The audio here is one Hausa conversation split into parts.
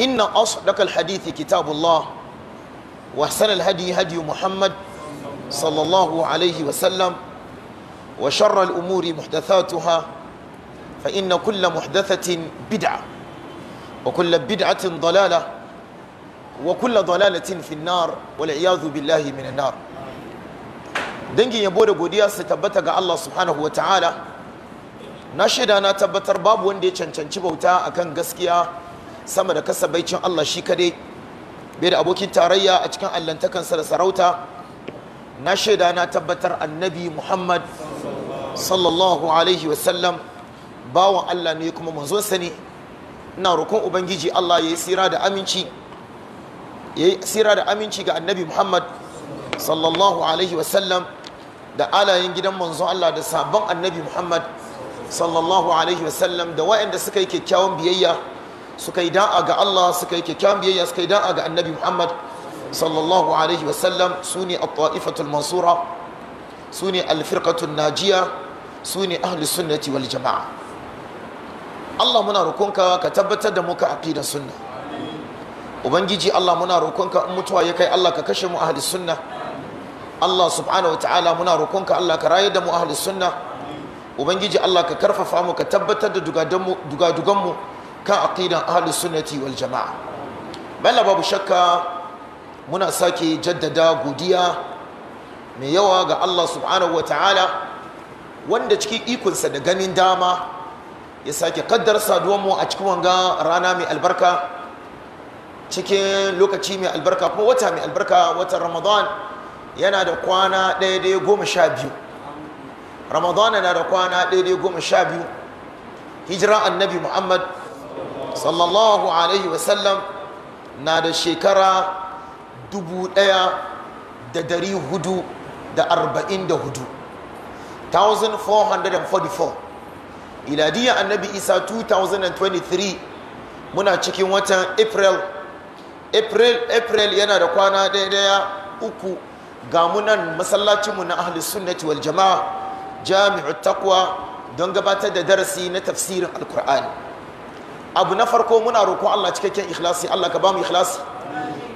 إن أصدق الحديث كتاب الله وأحسن الهدي هدي محمد صلى الله عليه وسلم وشر الأمور محدثاتها فإن كل محدثة بدعة وكل بدعة ضلالة وكل ضلالة في النار والعياذ بالله من النار dangin yabo da godiya su tabbata ga Allah subhanahu wataala na shaida na tabbatar babu wanda ya cancanci bauta akan gaskiya sama da kasabaicin Allah shi kadai bai da abokin tarayya a cikin allantakansa da sarauta na shaida na tabbatar annabi Muhammad sallallahu alaihi wasallam bawan Allah ne kuma manzonsa ne ina rukun ubangiji Allah ya yi tsira da aminci ya yi sira da aminci ga annabi Muhammad sallallahu alaihi wasallam da alayen gidan manzon Allah da sabon annabi Muhammad sallallahu alaihi wasallam da waɗanda suka yi kyakkyawan biyayya suka yi da'a ga Allah suka yi kyakkyawan biyayya suka yi da'a ga annabi Muhammad sallallahu alaihi wasallam su ne at-ta'ifatul mansura su ne al-firqatul najiya su ne ahli sunnati wal jama'a Allah muna roƙonka ka tabbatar da mu ka aqidar sunna ubangiji Allah muna roƙonka in mutuwa ya kai Allah ka kashe mu ahli sunna Allah subhanahu wataala muna roƙonka Allah ka rayar da mu ahli sunna ubangiji Allah ka karfafa mu ka tabbatar da dugadugan mu kan aqidan ahlus sunnati wal jama'a balla babu shakka muna sake jaddada godiya mai yawa ga Allah subhanahu wa ta'ala wanda cikin ikonsa da ganin dama ya sake kaddar saduwan mu a cikin wanga rana mai albarka cikin lokaci mai albarka kuma wata mai albarka watan ramadan yana da kwana ɗaya goma sha biyu ramadan yana da kwana ɗaya goma sha biyu hijira annabi muhammad sallallahu alaihi wasallam na da shekara dubu ɗaya da dari hudu da arba'in da hudu 1444 iladiyar annabi isa 2023 muna cikin watan april april april yana da kwana daidaya uku ga munan masallacinmu na ahli sunnati wal jama'a jami'ar takwa don gabatar da darasi na tafsirin alkur'ani abu na farko muna roƙon Allah cikakken ikhlasi Allah ka ba mu ikhlasi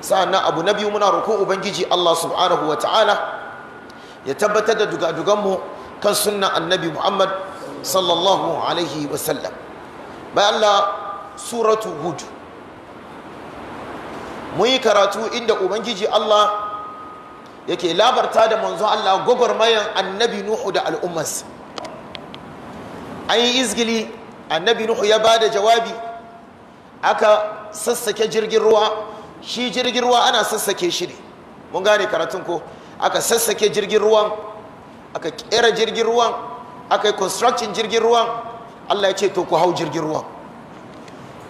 sa'annan abu na biyu muna roƙon ubangiji Allah subhanahu wa ta'ala ya tabbatar da dugadugan mu kan sunnan annabi Muhammad sallallahu alaihi wa sallam bayan Allah suratu hud mun yi karatu inda ubangiji Allah yake labarta da manzon Allah gwagwarmayan annabi Nuhu da al'ummarsa an yi izgili annabi Nuhu ya bada jawabi aka sassake jirgin ruwa shi jirgin ruwa ana sassake shi ne mun gane karatun ko aka sassake jirgin ruwan aka kera jirgin ruwan aka yi construction jirgin ruwan Allah ya ce to ku hau jirgin ruwan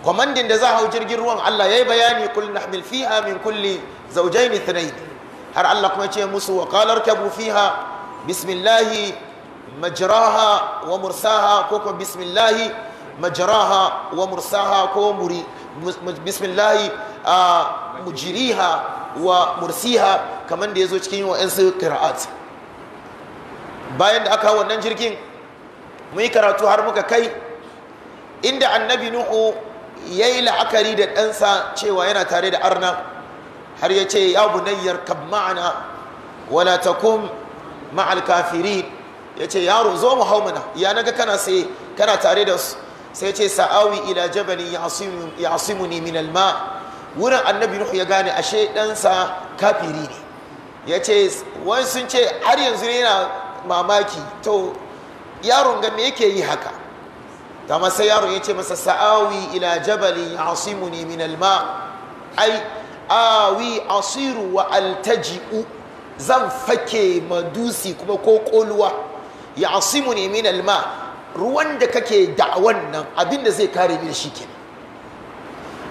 kwamandin da za hau jirgin ruwan Allah ya yi bayani kul nahmil fiha min kulli ne tunai. har Allah kuma ce musu wa qalar kabu fiha bismillahi majraha wa mursaha ko kuma bismillahi Majaraha wa mursaha ko muri bismillahi mujriha wa mursiha kamar da yazo cikin wa'ansu kiraat bayan da aka wannan jirgin mu yi karatu har muka kai inda annabi nuhu ya yi la'akari da ɗansa cewa yana tare da arna har ya ce ya bunayyar kab ma'ana wala takum ma'al ya ce yaro zo hau mana ya naga kana sai kana tare da su sai ce sa'awi ila jabalin ya ne min alma wurin annabi nuhu ya gane ashe ɗansa kafiri ne ya ce wani sun ce har yanzu ne yana mamaki to yaron ga me yake yi haka Ta masa yaron ya ce masa sa'awi ila jabalin ya ne min alma ai awi asiru wa altaji'u zan fake madusi kuma ko koluwa ya ne min alma ruwan da kake da'awan nan abin da zai kare ni da shi kenan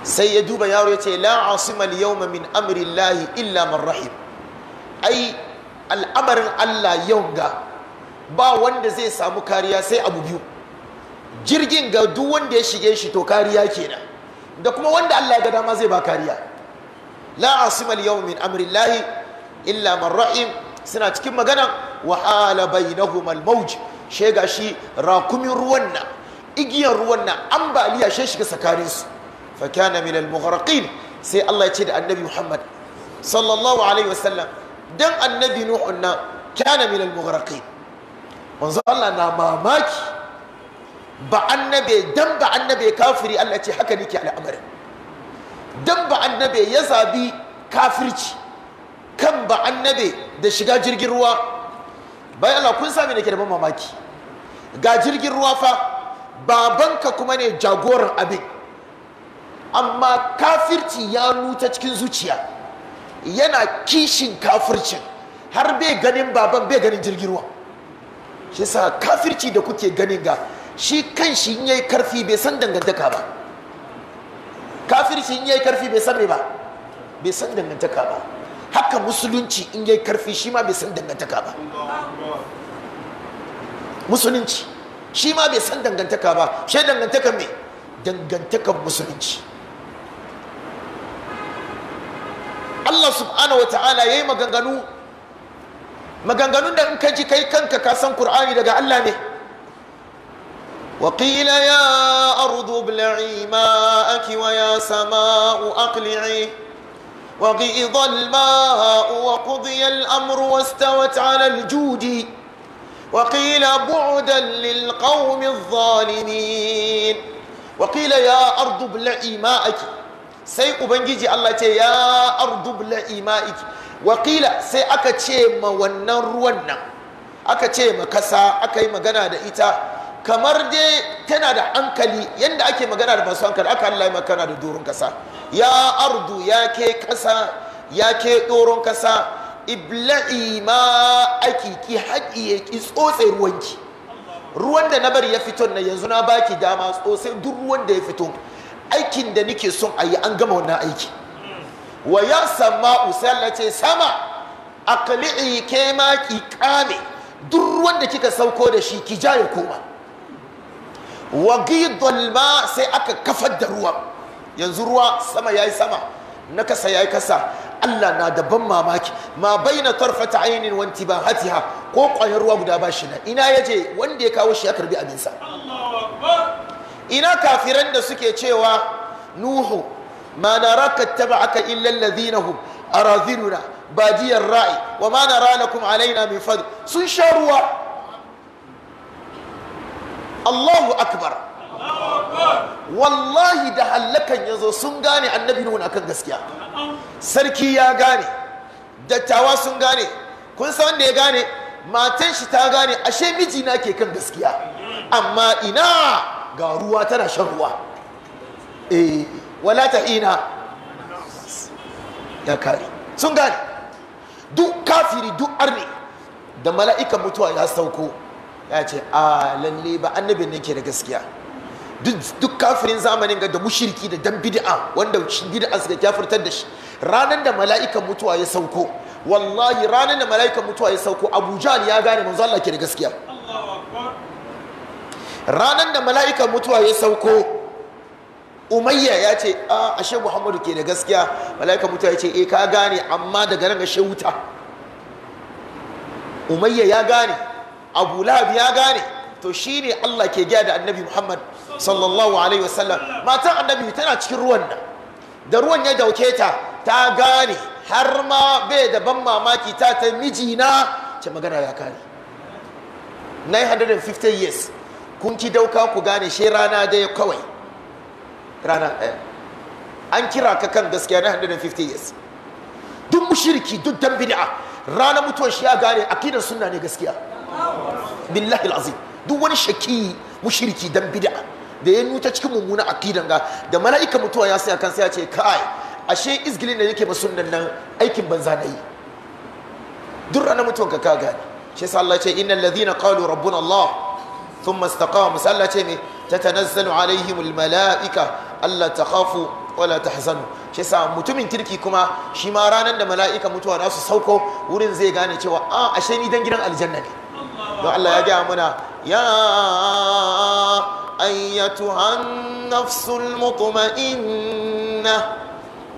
sai ya duba yaro ya ce la asima yawma min amri llahi illa man rahim ai al'amarin Allah yau ga ba wanda zai samu kariya sai abu biyu jirgin ga duk wanda ya shige shi to kariya kenan da kuma wanda Allah ya ga dama zai ba kariya la asima yawma min amri llahi illa man rahim suna cikin magana wa hala bainahum al-mawj shega shi rakumin ruwan nan igiyar ruwan nan ambaliya shi shiga tsakanin su fa kana min al mughraqin sai Allah ya ce da annabi Muhammad sallallahu alaihi wasallam dan annabi Nuh na kana min al mughraqin manzo Allah na mamaki ba annabe dan ba annabe kafiri Allah ce haka nake al'amarin dan ba annabe ya zabi kafirci kan ba annabe da shiga jirgin ruwa bayan Allah kun sami da ke da ban mamaki ga jirgin ruwa fa babanka kuma ne jagoran abin amma kafirci ya nuta cikin zuciya yana kishin kafircin har bai ganin baban bai ganin jirgin ruwa shi sa kafirci da kuke ganin ga shi kan shi in yayi karfi bai san dangantaka ba kafirci in yayi karfi bai san me ba bai san dangantaka ba haka musulunci in yayi karfi shi ma bai san dangantaka ba musulunci shi ma bai san dangantaka ba shi dangantaka me dangantakan musulunci Allah subhanahu wa ta'ala ya yayi maganganu maganganun da in ka ji kai kanka ka san Qur'ani daga Allah ne وقيل يا أرض ابلعي ماءك ويا سماء أقلعي وغيض الماء وقضي الأمر واستوت على الجود وقيل بعدا للقوم الظالمين وقيل يا أرض ابلعي ماءك sai ubangiji Allah ce ya ardu bla ima'iki wakila sai aka ce ma wannan ruwan nan aka ce ma ƙasa, aka yi magana da ita kamar dai tana da hankali yadda ake magana da masu hankali aka Allah makana da doron kasa ya ardu ya ke kasa ya ke doron kasa ibla'i ma ake ki ya ki tsotse ruwanki ruwan da na bari ya fito na yanzu na baki dama tsotse duk ruwan da ya fito aikin da nike son a yi an gama wannan aiki wa ya sama usalla ce sama akali'i ke ma ki kame duk ruwan da kika sauko da shi ki ja ya koma wa ma sai aka kafar da ruwa yanzu ruwa sama yayi sama na kasa yayi kasa Allah na da ban mamaki ma baina tarfata ainin hati ha? ko kwayar ruwa guda ba shi na ina yaje wanda ya kawo shi ya karbi abinsa? ina kafiran da suke cewa nuhu ma aka taba'aka illa alladhina hum ba jiyar ra'i wa ma nara lakum alaina min fadl sun sha ruwa Allahu akbar wallahi da hallakan ya zo sun gane annabi nuna akan gaskiya sarki ya gane dattawa sun gane kun san wanda ya gane matan shi ta gane ashe miji na ke kan gaskiya amma ina ga ruwa tana shan ruwa eh, wala ta ina ya kare sun gane duk kafiri duk arne da mala'ikan mutuwa ya sauko ya ce a lalle ba annabin ne ke da gaskiya duk kafirin zamanin ga da mushirki da dan bid'a wanda bid'a suka kafirtar da shi ranar da mala'ikan mutuwa ya sauko wallahi ranar da mala'ikan mutuwa ya sauko Abu Jahl ya gane manzo Allah ke da gaskiya ranar da mala'ikan mutuwa ya sauko umayya ya ce a ashe muhammadu ke da gaskiya malaika mutuwa ya ce e ka gane amma daga nan ashe wuta umayya ya gane abu lahab ya gane to shine Allah ke gaya da annabi Muhammad sallallahu alaihi wasallam matan annabi tana cikin ruwan da da ruwan ya dauke ta ta gane har ma bai da ban mamaki ta ta mijina ce magana ya kare 950 years kun ki dauka ku gane shi rana ya kawai rana ɗaya eh. an kira ka kan gaskiya 950 years duk mushiriki duk dan bid'a ranar mutuwar shi ya gane akidar sunna ne gaskiya billahi alazim duk wani shaki mushriki dan bid'a da ya nuta cikin mummunan akidan ga da mala'ika mutuwa ya saya kan sai ya ce kai ashe izgilin da yake sunnan nan aikin banza na duk ranar mutuwan ka kaga gane shi sa Allah ya ce innal ladhina qalu rabbuna Allah ثم استقاموا سأل تيمي تتنزل alaihim الملائكة alla takhafu wala tahzanu shi sa mutumin kirki kuma shi ma ranar da mala'ika mutuwa za su sauko wurin zai gane cewa a ah, ashe ni dan gidan aljanna ne don Allah ya gaya muna ya ayyatuhan nafsul mutma'inna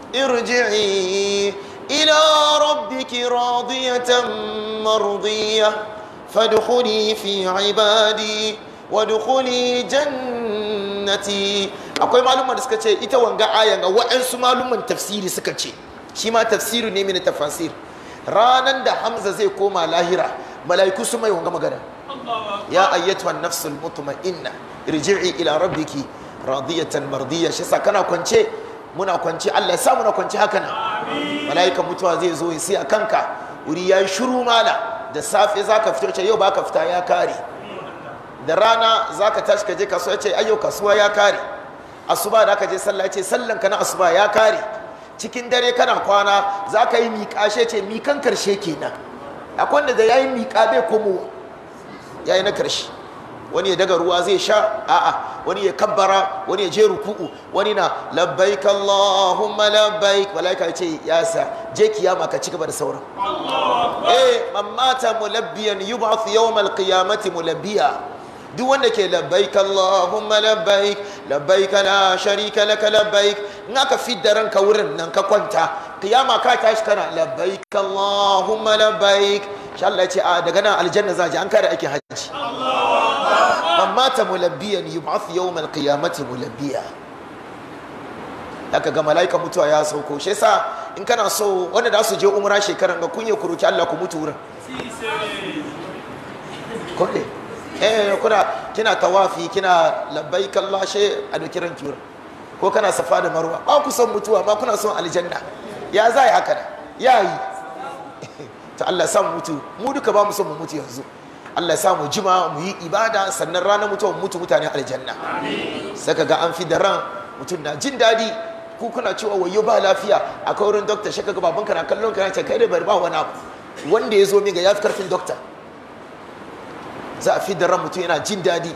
irji'i ila rabbiki radiyatan mardiyah fadkhuli fi ibadi wadkhuli jannati akwai malumma da suka ce ita wanga ayan ga wa'ansu maluman tafsiri suka ce shi ma tafsiru ne min tafasir ranan da hamza zai koma lahira mala'iku sun mai wanga magana ya ayyatu an nafsul mutma'inna irji'i ila rabbiki radiyatan mardiya shi sa kana kwance muna kwance Allah ya sa muna kwance haka nan mala'ika mutuwa zai zo ya siya kanka wuri ya yi shiru mala da safe zaka fito ce yau baka fita ya kare da rana zaka tashi ka je kasuwa ce kasuwa ya kare asuba da ka je sallah ce sallan ka na asuba ya kare cikin dare kana kwana zaka yi miƙashe ce mikan karshe kenan akwai wanda da ya yi miƙa bai komo ya yi na ƙarshe wani ya daga ruwa zai sha a'a wani ya kabbara wani ya je ruku'u wani na labbaik Allahumma labbaik malaika ce ya sa je kiyama ka ci gaba da sauran eh mamata mulabbiyan yub'ath yawm al-qiyamati mulabbiya duk wanda ke labbaik Allahumma labbaik labbaik la sharika laka labbaik in aka fidda ranka wurin nan ka kwanta kiyama ka tashi kana labbaik Allahumma labbaik insha Allah ce a daga nan aljanna za ji an kare ake haji man mata mulabbiyan yub'ath yawm al-qiyamati mulabbiya aka ga malaika mutuwa ya sauko shi yasa in kana so wanda da su je umra shekaran ga kunye kuruki Allah ku mutu wurin ko eh kuna kina tawafi kina labbaik Allah she a dokiran kiwon ko kana safa da marwa ba ku son mutuwa ba kuna son aljanna ya zai haka da yayi to Allah sa mu mutu mu duka ba mu son mu mutu yanzu Allah sa mu jima mu yi ibada sannan ranar mutuwa mu mutu mutane aljanna amin saka ga an fi da ran mutum na jin dadi ku kuna cewa wayo ba lafiya a wurin doctor shaka ga babanka na kallon ka ya ce kai da bari ba wani abu wanda ya zo min ga ya fi karfin doctor za a fidda ran mutum yana jin daɗi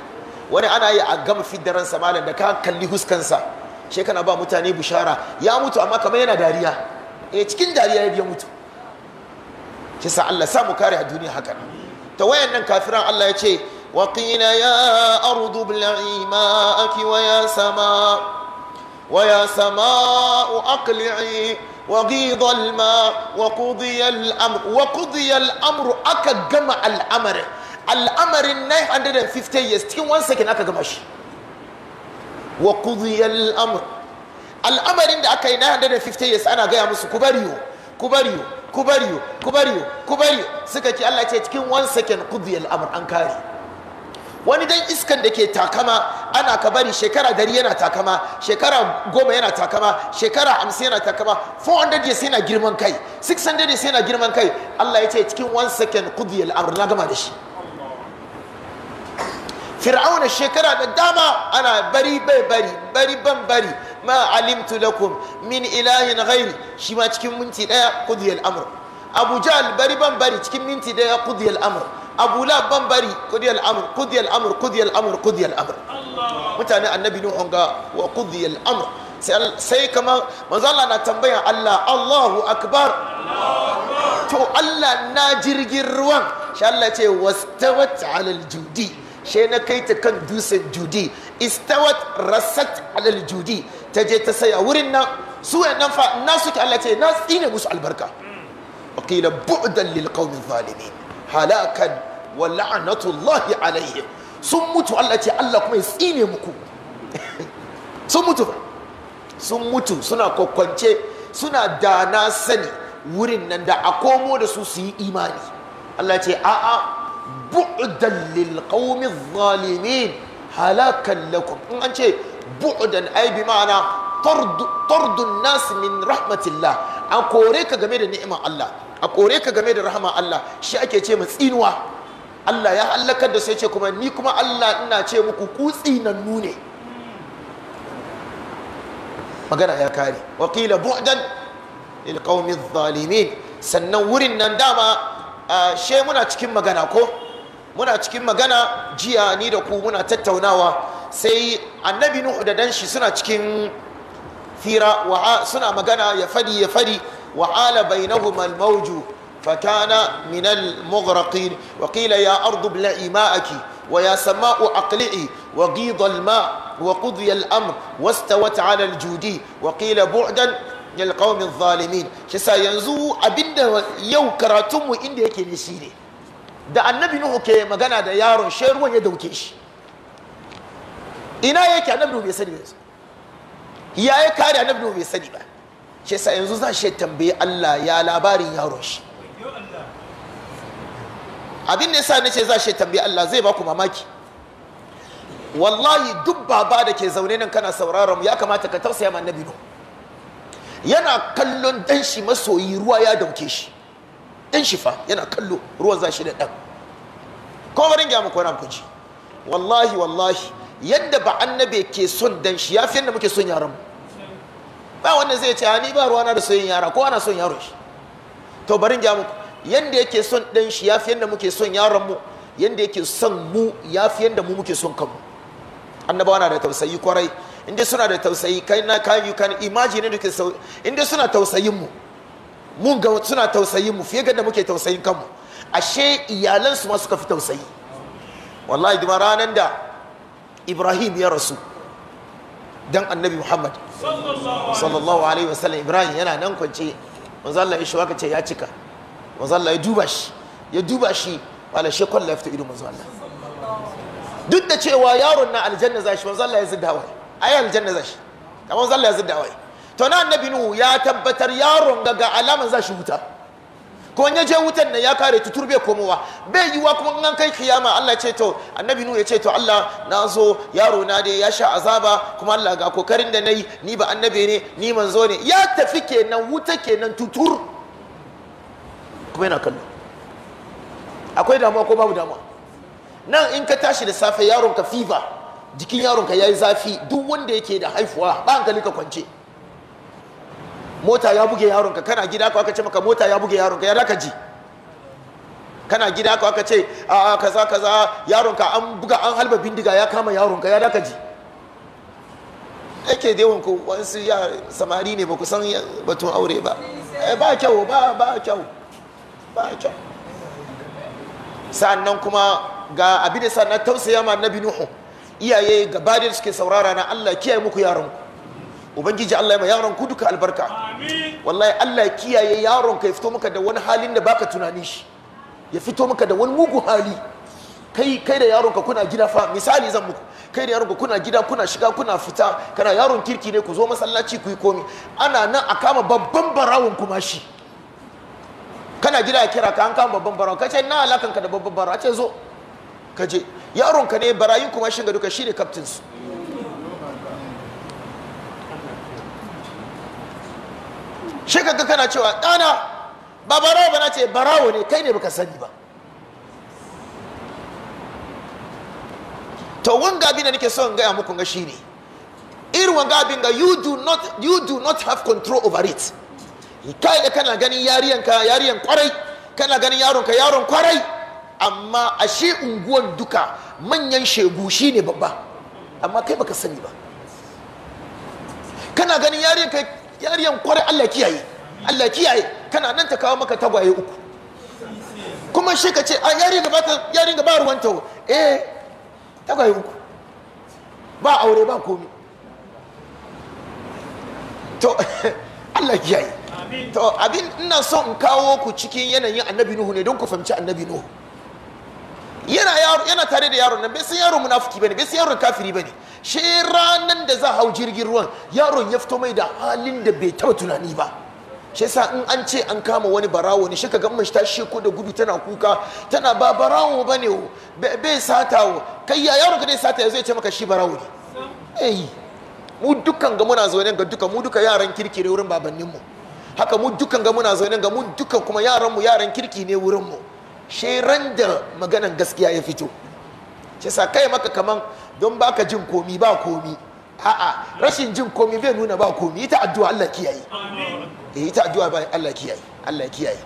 wani ana yi a gama fidda ransa malam da ka kalli huskansa shi kana ba mutane bushara ya mutu amma kamar yana dariya eh cikin dariya ya biya mutu shi sa Allah mu kare a duniya haka ta wayan nan kafiran Allah ya ce wa qila ya ardu bla'i ma'aki wa ya sama wa ya sama'u aqli'i وغيض الماء وقضي الأمر وقضي جمع al'amarin 950 years cikin one second aka gama shi wa kudiyar al'amur al'amarin da aka yi 950 years ana gaya musu ku kubariyo ku kubariyo ku ku ku suka ce Allah ce cikin one second kudiyar al'amur an kare wani dan iskan da ke takama ana ka bari shekara dari yana takama shekara goma yana takama shekara hamsin yana takama 400 years yana girman kai 600 years yana girman kai Allah ya ce cikin one second kudiyar al'amr na gama da shi fir'auna shekara da dama ana bari bai bari bari ban bari ma alimtu lakum min ilahin ghairi shi ma cikin minti daya qudi al-amr abu jahl bari ban bari cikin minti daya qudi al-amr abu lab ban bari qudi al-amr qudi al-amr qudi al-amr qudi al-amr mutane annabi nuhu ga wa qudi al-amr sai kamar manzo na tambaya Allah Allahu akbar to Allah na jirgin ruwan shi Allah ce wastawat alal judi she na kai ta kan dusin judi istawat rasat alal judi ta je ta saya wurin nan su nan fa na suke Allah ce na tsine musu albarka wakila bu'dan lil qawmi zalimin halakan wa la'natullahi alaihim sun mutu Allah ce Allah kuma ya tsine muku sun mutu ba sun mutu suna kwakwance suna dana sani wurin nan da a komo da su su yi imani Allah ce a'a bu'dan lil qaumi zalimin halakan lakum in an ce bu'dan ai bi ma'ana tardun nas min rahmatillah an kore ka game da ni'imar Allah a kore ka game da rahama Allah shi ake ce mu tsinuwa Allah ya halakar da sai ce kuma ni kuma Allah ina ce muku ku tsinannu ne magana ya kare wakila bu'dan lil qaumi zalimin sannan wurin nan dama she muna cikin magana ko muna cikin magana jiya ni da ku muna tattaunawa sai annabi nuhu da danshi suna cikin fira suna magana ya fadi ya fadi wa ala bainahum almawju fakana min almughraqin wa ya ardu bla'i ma'aki wa ya sama'u aqli'i wa ghidha alma wa qudhiya al-amr wastawat 'ala al-judi wa qila bu'dan lil qawmi adh yanzu abinda yau karatunmu inda yake ne shi ne da annabi nuhu ke magana da yaron shi ruwan ya dauke shi ina yake annabi nuhu bai sani ba ya yi kare annabi nuhu bai sani ba shi sa yanzu za shi tambayi Allah ya labarin yaron shi abin da yasa ce za shi tambayi Allah zai ba ku mamaki wallahi duk baba da ke zaune nan kana sauraron ya kamata ka tausaya ma annabi nuhu yana kallon dan shi masoyi ruwa ya dauke shi dan shi fa yana kallo ruwan za shi da dan ko barin gya muku wani kuji wallahi wallahi yadda ba annabe ke son dan shi ya fi yadda muke son yaran ba wanda zai ce ni ba ruwana da soyin yara ko ana son yaro shi to barin gya muku yadda yake son dan shi ya fi yadda muke son yaran mu yadda yake son mu ya fi yadda mu muke son kanmu annabawa na da tausayi kwarai inda suna da tausayi kai na kan you can imagine da ke inda suna tausayin mu mun ga suna tausayin mu fiye ga da muke tausayin kanmu ashe iyalansu ma suka fi tausayi wallahi duma ranar da ibrahim ya rasu don annabi muhammad sallallahu alaihi wasallam ibrahim yana nan kwance manzo ya shi waka ya cika manzo ya duba shi ya duba shi wala shi kwalla ya fito ido manzo Allah duk da cewa yaron na aljanna zashi manzo Allah ya zidda wai ai aljanna zashi kamar manzo ya zidda wai to na annabi nuhu ya tabbatar yaron ga ga alaman zashi huta. ko ya je wutan nan ya kare tutur bai komowa bai yiwa kuma an kai kiyama Allah ce to annabi nu ya ce to Allah na zo yaro na dai ya sha azaba kuma Allah ga kokarin da nayi ni ba annabi ne ni manzo ne ya tafi kenan wuta kenan tutur kuma yana kallo akwai damuwa ko babu damuwa nan in ka tashi da safe yaron ka fiba jikin yaron ka yayi zafi duk wanda yake da haifuwa ba hankali ka kwance mota ya buge yaronka kana gida ko aka ce maka mota ya buge yaronka ya ka ji kana gida ko aka ce a kaza kaza yaronka an buga an halba bindiga ya kama yaronka ya ka ji yake dai ku wasu ya samari ne ba ku san batun aure ba eh, ba kyau ba ba kyau ba kyau sannan kuma ga abin da sannan tausaya ma annabi nuhu iyaye gaba da suke saurara na Allah kiyaye muku yaronku ubangiji Allah ya yaron ku duka albarka wallahi Allah ya kiyaye yaron ka ya fito maka da wani halin da baka tunani shi ya fito maka da wani mugu hali kai kai da yaron ka kuna gida fa misali zan muku kai da yaron ka kuna gida kuna shiga kuna fita kana yaron kirki ne ku zo masallaci ku yi komi ana nan a kama babban barawon kuma shi kana gida ya kira ka an kama babban barawon ce na alakan ka da babban barawon ce zo ka je yaron ka ne barayin kuma shi ga duka shi ne captain su shi ka kana cewa ɗana ba barawo ba na ce barawo ne kai ne baka sani ba to wanga abin da nake son gaya muku ga shi ne irin wanga abin ga you do not have control over it kai da kana ganin yariyan ka yariyan kwarai kana ganin yaron ka yaron kwarai amma ashe unguwan duka manyan shegu shine babba amma kai baka sani ba kana ganin yariyan ka yariyan kwarai Allah kiyaye Allah kiyaye kana nan ta kawo maka tagwaye uku kuma shi ka ce a yarin bata ta yarin gaba ruwan ta eh tagwaye uku ba aure ba komi to Allah kiyaye to abin ina so in kawo ku cikin yanayin annabi Nuhu ne don ku fahimci annabi Nuhu yana yaro yana tare da yaron nan bai san yaron munafiki bane bai san yaron kafiri bane shi ranan da za hau jirgin ruwan yaron ya fito mai da halin da bai taba tunani ba shi yasa in an ce an kama wani barawo ne shi ka gamman shi ta ko da gudu tana kuka tana ba barawo bane o bai sata o kai ya yaron ka dai sata yanzu ya ce maka shi barawo ne eh mu dukkan ga muna zaune ga duka mu duka yaran kirki ne wurin babanninmu haka mu dukkan ga muna zaune ga mu dukkan kuma yaran mu yaran kirki ne wurin mu sheran da maganan gaskiya ya fito shi sa kai maka kaman don baka jin komi ba komi a'a rashin jin komi bai nuna ba komi ita addu'a Allah kiyaye eh ita addu'a ba Allah kiyaye Allah kiyaye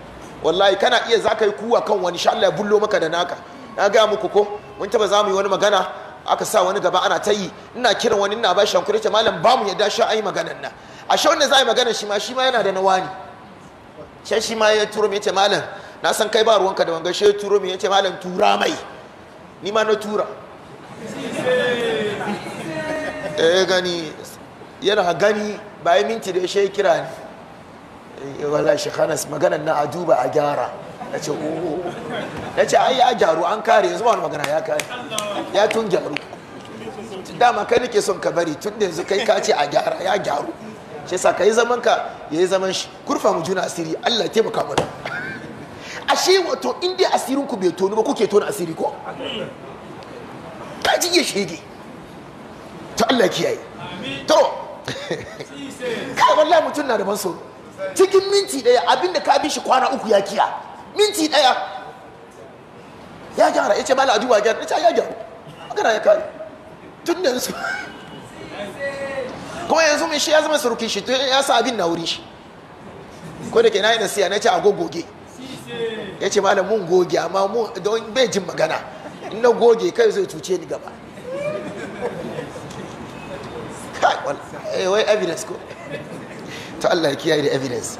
wallahi kana iya zaka yi kuwa kan wani insha Allah ya bullo maka da naka na ga muku ko mun taba mu yi wani magana aka sa wani gaba ana ta yi ina kiran wani ina bashi hankuri ta malam ba mu ya yadda sha ai maganan nan a sha wanda za a yi maganar shi ma shi ma yana da nawani shan shi ma ya turo mai ce malam na san kai ba ruwanka da wanga shi turo mai yace malam tura mai ni ma na tura eh gani yana gani bayan minti da shi kira ni eh, wala shi khanas maganan na a duba a gyara na ce oho oh, oh. ce ai ya gyaru an kare yanzu wani magana ya kare ya tun gyaru dama kai nake son ka bari tun da yanzu kai ka ce a gyara ya gyaru shi sa ka yi zaman ka ya yi zaman shi kurfa mu juna asiri Allah ya taimaka mana ashe wato in asirin ku bai tono ba kuke tona asiri ko Kaji ji ya shege Ta Allah kiyaye to kai wallahi mutum na da ban so cikin minti daya abinda ka bi shi kwana uku ya kiya minti daya ya gyara yace mala aduwa gyara yace ya gyara magana ya kare tun da su kuma yanzu mai shi ya zama surukin shi to ya sa abin na wuri shi ko da ke na yi nasiya na ce a ya ce malam mun goge amma don bai jin magana in na goge kai zai cuce ni gaba wala eh wai evidence ko to Allah ya kiyaye da evidence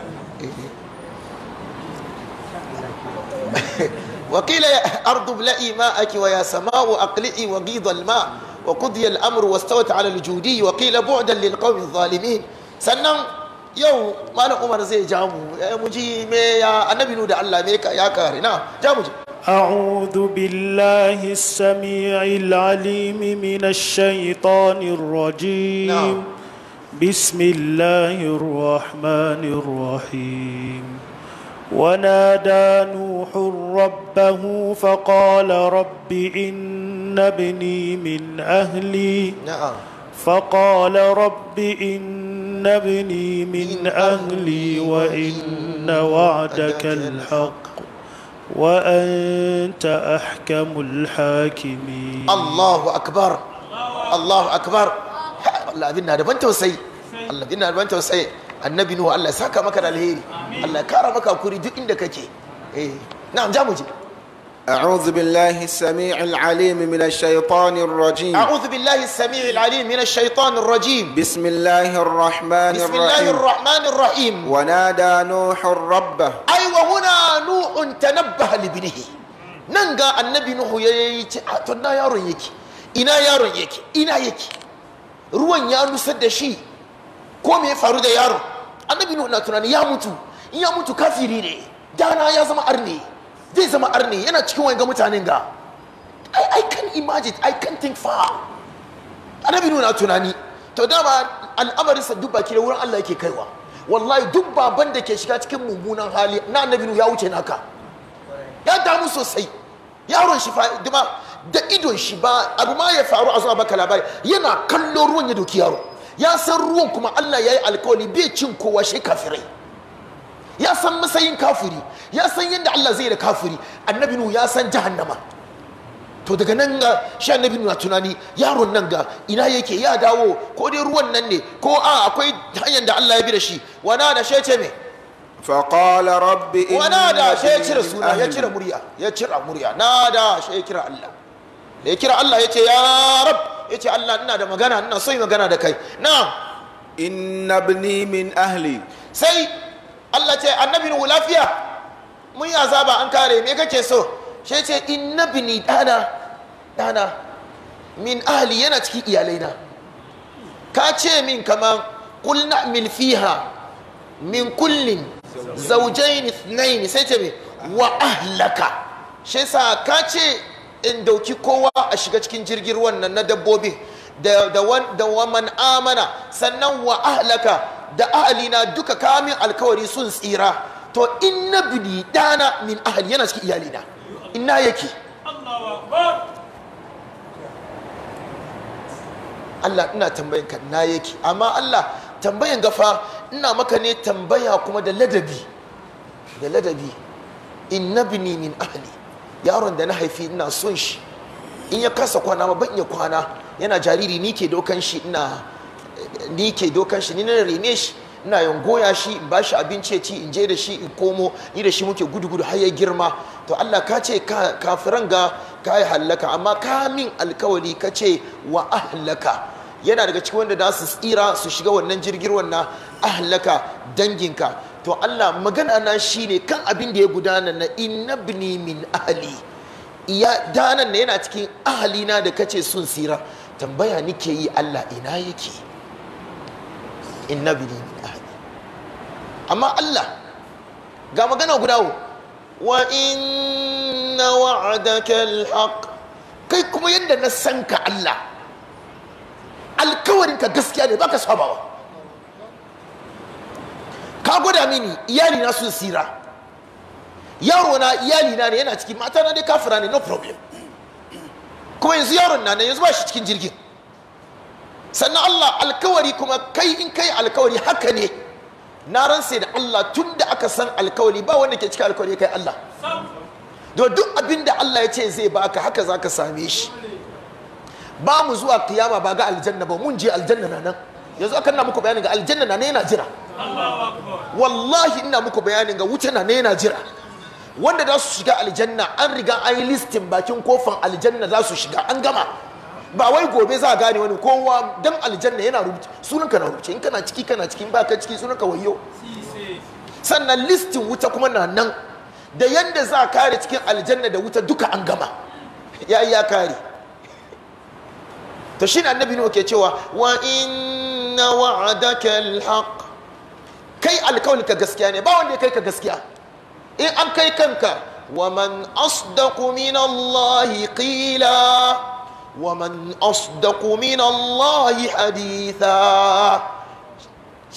wakila ya ardub la'i ma ake wa ya sama'u aqli'i wa gidan ma wa kudiyar amur wa stawata alal judi wa kila bu'dan lil qawmin zalimin sannan yau malam umar zai ja mu eh, mu ji me ya annabi nu da Allah me ka ya kare na ja mu ji أعوذ بالله السميع العليم من الشيطان الرجيم نعم. بسم الله الرحمن الرحيم ونادى نوح ربه فقال رب إن ابني من أهلي فقال رب إن إن ابني من أهلي وإن وعدك الحق وأنت أحكم الحاكمين الله أكبر الله أكبر الله أبنى أنا بنت وسي الله أبنى أنا بنت وسي النبي نوح الله ساكا مكان الهيري الله كارمك أكوري دو إندك نعم جامجي أعوذ بالله السميع العليم من الشيطان الرجيم أعوذ بالله السميع العليم من الشيطان الرجيم بسم الله الرحمن بسم الرحيم بسم الله الرحمن الرحيم ونادى نوح ربه أيوة هنا نوح تنبه لابنه ننقى النبي نوح يجي تنا يارو إنا يا يجي إنا يك روان يا نسد da shi ko يا رو النبي نوح yaron annabi nuhu na tunani ya mutu in zai zama arni yana cikin wani ga mutanen ga I, I can imagine I can think far annabi nuna tunani to dama al'amarinsa duk baki da wurin Allah yake kaiwa wallahi duk baban da ke shiga cikin mummunan hali na annabi ya wuce naka ya damu sosai yaron shi dama da idon shi ba abu ma ya faru a zuwa baka labari yana kallon ruwan ya doki yaro ya san ruwan kuma Allah ya yi alkawali bai cin kowa shi kafirai ya san matsayin kafiri ya san yadda Allah zai da kafiri annabi nu ya san jahannama to daga nan ga shi annabi na tunani yaron nan ga ina yake ya dawo ko dai ruwan nan ne ko a akwai hanyar da Allah ya bi da shi wana da shece me faqala rabbi inna wana da shi ya cire suna ya cire murya ya cire murya na da shi ya kira Allah da ya kira Allah ya ce ya rab ya ce Allah ina da magana ina so yi magana da kai na inna ibni min ahli sai Allah ce annabi nuhu lafiya mun yi azaba an kare me kake so shi ce inna bini dana dana min ahli yana cikin iyalaina ka ce min kaman kulna min fiha min kullin zawjayn ithnayn sai ce wa ahlaka shi sa ka ce in dauki kowa a shiga cikin jirgin ruwan nan na dabbobi da da waman amana sannan wa ahlaka da ahalina duka kamin alkawari sun tsira to in na bini dana min ahali yana cikin iyalina ina yake Allah ina tambayin ka na yake amma Allah tambayin gafa ina maka ne tambaya kuma da ladabi da ladabi in na bini min ahali yaron da na haifi ina son shi in ya kasa kwana ma ban ya kwana yana jariri ni ke dokan shi ina ni ke dokan shi ni na rene shi ina yin goya shi in ba shi abinci ya ci in je da shi in komo ni da shi muke gudu har ya girma to Allah ka ce kafiran ga ka yi hallaka amma ka min alkawali ka ce wa ahlaka yana daga cikin wanda da su tsira su shiga wannan jirgin wannan ahlaka danginka to Allah magana na shine kan abin da ya gudana na innabni min ahli iya danan yana cikin ahalina da kace sun tsira tambaya nike yi Allah ina yake inna bi amma Allah ga magana guda wa inna wa'adaka alhaq kai kuma yadda na san ka Allah alkawarin ka gaskiya ne baka sabawa ka gwada mini iyali na sun sira yaro na iyali na ne yana ciki mata na dai kafira ne no problem kuma yanzu yaron na ne yanzu ba shi cikin jirgin sannan Allah alkawari kuma kai in kai alkawari haka ne na ransa da Allah tun da aka san alkawari ba wanda ke cika alkawari kai Allah don duk abin da Allah ya ce zai baka haka za ka same shi ba mu zuwa kiyama ba ga aljanna ba mun je aljanna na nan yanzu aka na muku bayanin ga aljanna na ne yana jira wallahi ina muku bayanin ga wuta na ne yana jira wanda za su shiga aljanna an riga an yi listin bakin kofan aljanna za su shiga an gama ba wai gobe za a gane wani kowa dan aljanna yana rubuce sunan ka na rubuce in kana ciki kana cikin ba ka ciki sunan ka wayo sannan listin wuta kuma na nan da yadda za a kare cikin aljanna da wuta duka an gama ya ya kare to shine annabi ne ke cewa wa inna wa'adaka alhaq kai alkawalin ka gaskiya ne ba wanda kai ka gaskiya in an kai kanka wa man asdaqu min allahi qila ومن أصدق من الله حديثا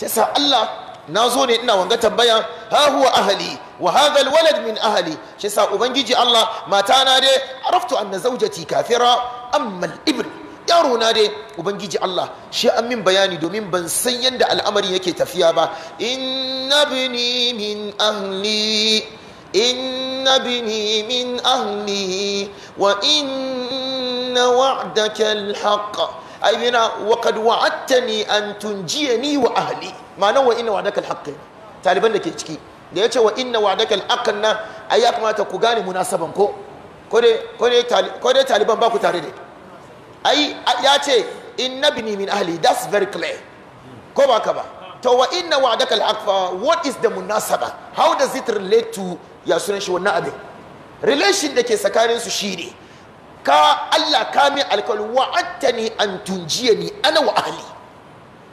شسا الله نازوني إنا وانغا تبايا ها هو أهلي وهذا الولد من أهلي شسا أبنجي الله ما تانا دي عرفت أن زوجتي كافرة أما الإبن yaro na dai ubangiji Allah shi an min bayani domin ban san yadda al'amari yake tafiya ba inna bini min ahli إن ابني من أهله وإن وعدك الحق أي بنا وقد وعدتني أن تنجيني وأهلي ما نوى إن وعدك الحق طالبا لك يتكي da ya ce wa inna wa'adaka al-aqan na ai ya kamata ku gane munasaban ko ko dai taliban ba ku tare da ai ya ce inna bini min ahli that's very clear ko ba ka ba to wa inna wa'adaka al-aqfa what is the munasaba how does it relate to ya sunan shi wannan abin relation da ke tsakanin su shine ka Allah ka min alkawali wa'attani an ni ana wa ahli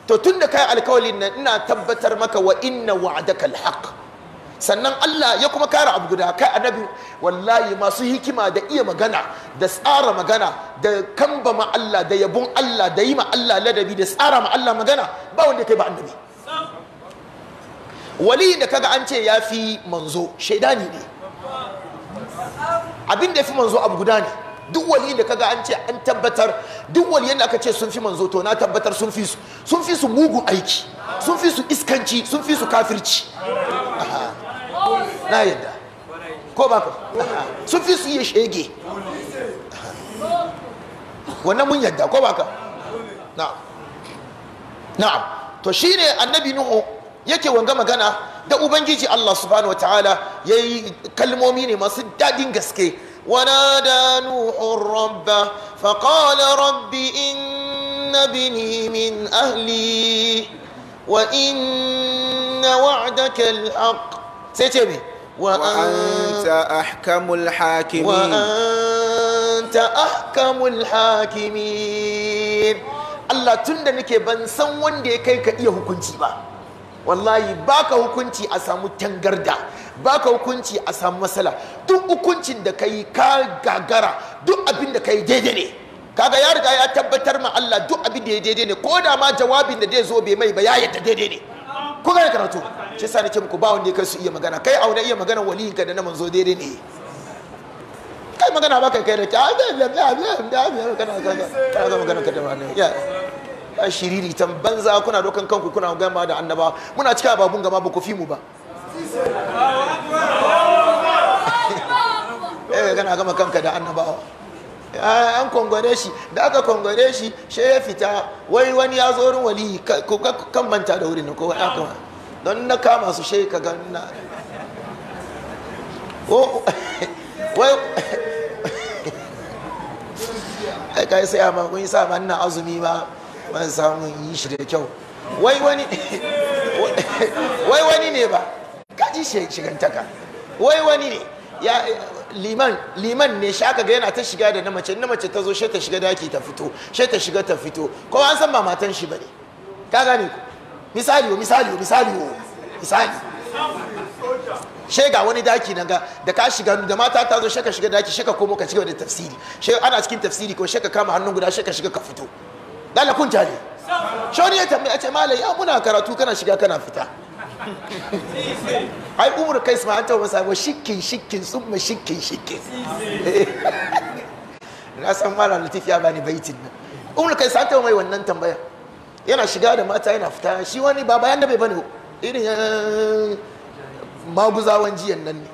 to tunda kai alkawalin nan ina tabbatar maka wa inna wa'adaka alhaq sannan Allah ya kuma kara abu guda kai annabi wallahi masu hikima da iya magana da tsara magana da kambama Allah da yabon Allah da yi ma Allah ladabi da tsara ma Allah magana ba wanda kai ba annabi wali da kaga an ce ya fi manzo shaidani ne abin da ya fi manzo abu guda ne duk wali da kaga an ce an tabbatar duk wali yadda aka ce sun fi manzo to na tabbatar sun fi su sun fi su mugun aiki sun fi su iskanci sun fi su kafirci na yadda ko ba sun fi su iya shege wannan mun yadda ko ba ka na'am na'am to shine annabi nuhu yake wanga magana da ubangiji Allah subhanahu wa ta'ala ya yi kalmomi ne masu dadin gaske wanada nuhun rabba faƙala rabbi inna bini min ahli wa inna wa'adaka al-haq sai ce mai wa anta ahkamul hakimin wa anta ahkamul hakimin Allah tunda nake ban san wanda ya kai ka iya hukunci ba wallahi baka hukunci a samu tangarda baka hukunci a samu matsala duk hukuncin da kai ka gagara duk abin da kai daidai ne kaga ya riga ya tabbatar ma Allah duk abin da ya daidai ne ko da ma jawabin da zai zo bai mai ba ya yadda daidai ne ku ga karatu shi sani nake muku ba wanda ya kai iya magana kai auna iya magana ka da na manzo daidai ne kai magana ba kai kai da ta kana magana ka da ya ya shiriri tan banza kuna dokan kanku kuna gama da annaba muna cika babun gama ba ku fi mu ba eh kana gama kanka da annabawa eh, an kongore shi da aka kongore shi she ya fita wai wani ya zo wurin wali kan manta da wurin ko aka don na kama su she ka ganna wai ai kai sai amma kun sa ina azumi ba ban samun yi shi da kyau wai wani wai wani ne ba kaji shi shigantaka wai wani ne ya liman liman ne shi aka ga yana ta shiga da na mace na mace ta zo shi ta shiga daki ta fito shi ta shiga ta fito ko an san ba matan shi bane ka gane ku misali o misali o misali o misali she ga wani daki na ga da ka shiga da mata ta zo ka shiga daki ka komo ka cigaba da tafsiri she ana cikin tafsiri ko ka kama hannun guda ka shiga ka fito dala kun tare shawani ya a ce malai ya muna karatu kana shiga kana fita ai umar kai su ma'anta masa wa shikin shikin sun ma shikin shikin na san malam latif ya bani baitin nan umar kai sa'anta mai wannan tambaya yana shiga da mata yana fita shi wani ba bayan da bai bane irin eh, maguzawan jiyan nan ne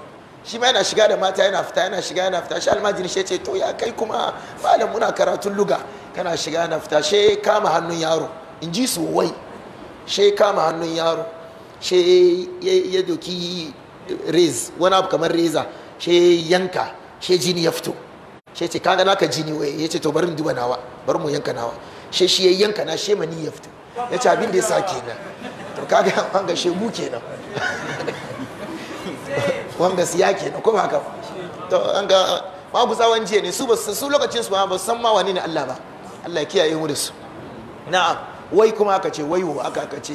shi ma yana shiga da mata yana fita yana shiga yana fita shi almajiri shi ce to ya kai kuma malam muna karatun luga kana shiga yana fita she kama hannun yaro in ji su wai she kama hannun yaro she ya doki rez wani abu kamar reza she yanka she jini ya fito she ce kaga naka jini wai ya ce to bari mu duba nawa bari mu yanka nawa she shi ya yanka na she mani ya fito ya ce abin da ya sa kenan to kaga an ga mu kenan wanga siya ke ko ba haka to an ga babu tsawon jiya ne su ba su lokacin su ba san ma wani ne Allah ba Allah ya kiyaye mu da su na'am wai kuma aka ce wai aka aka ce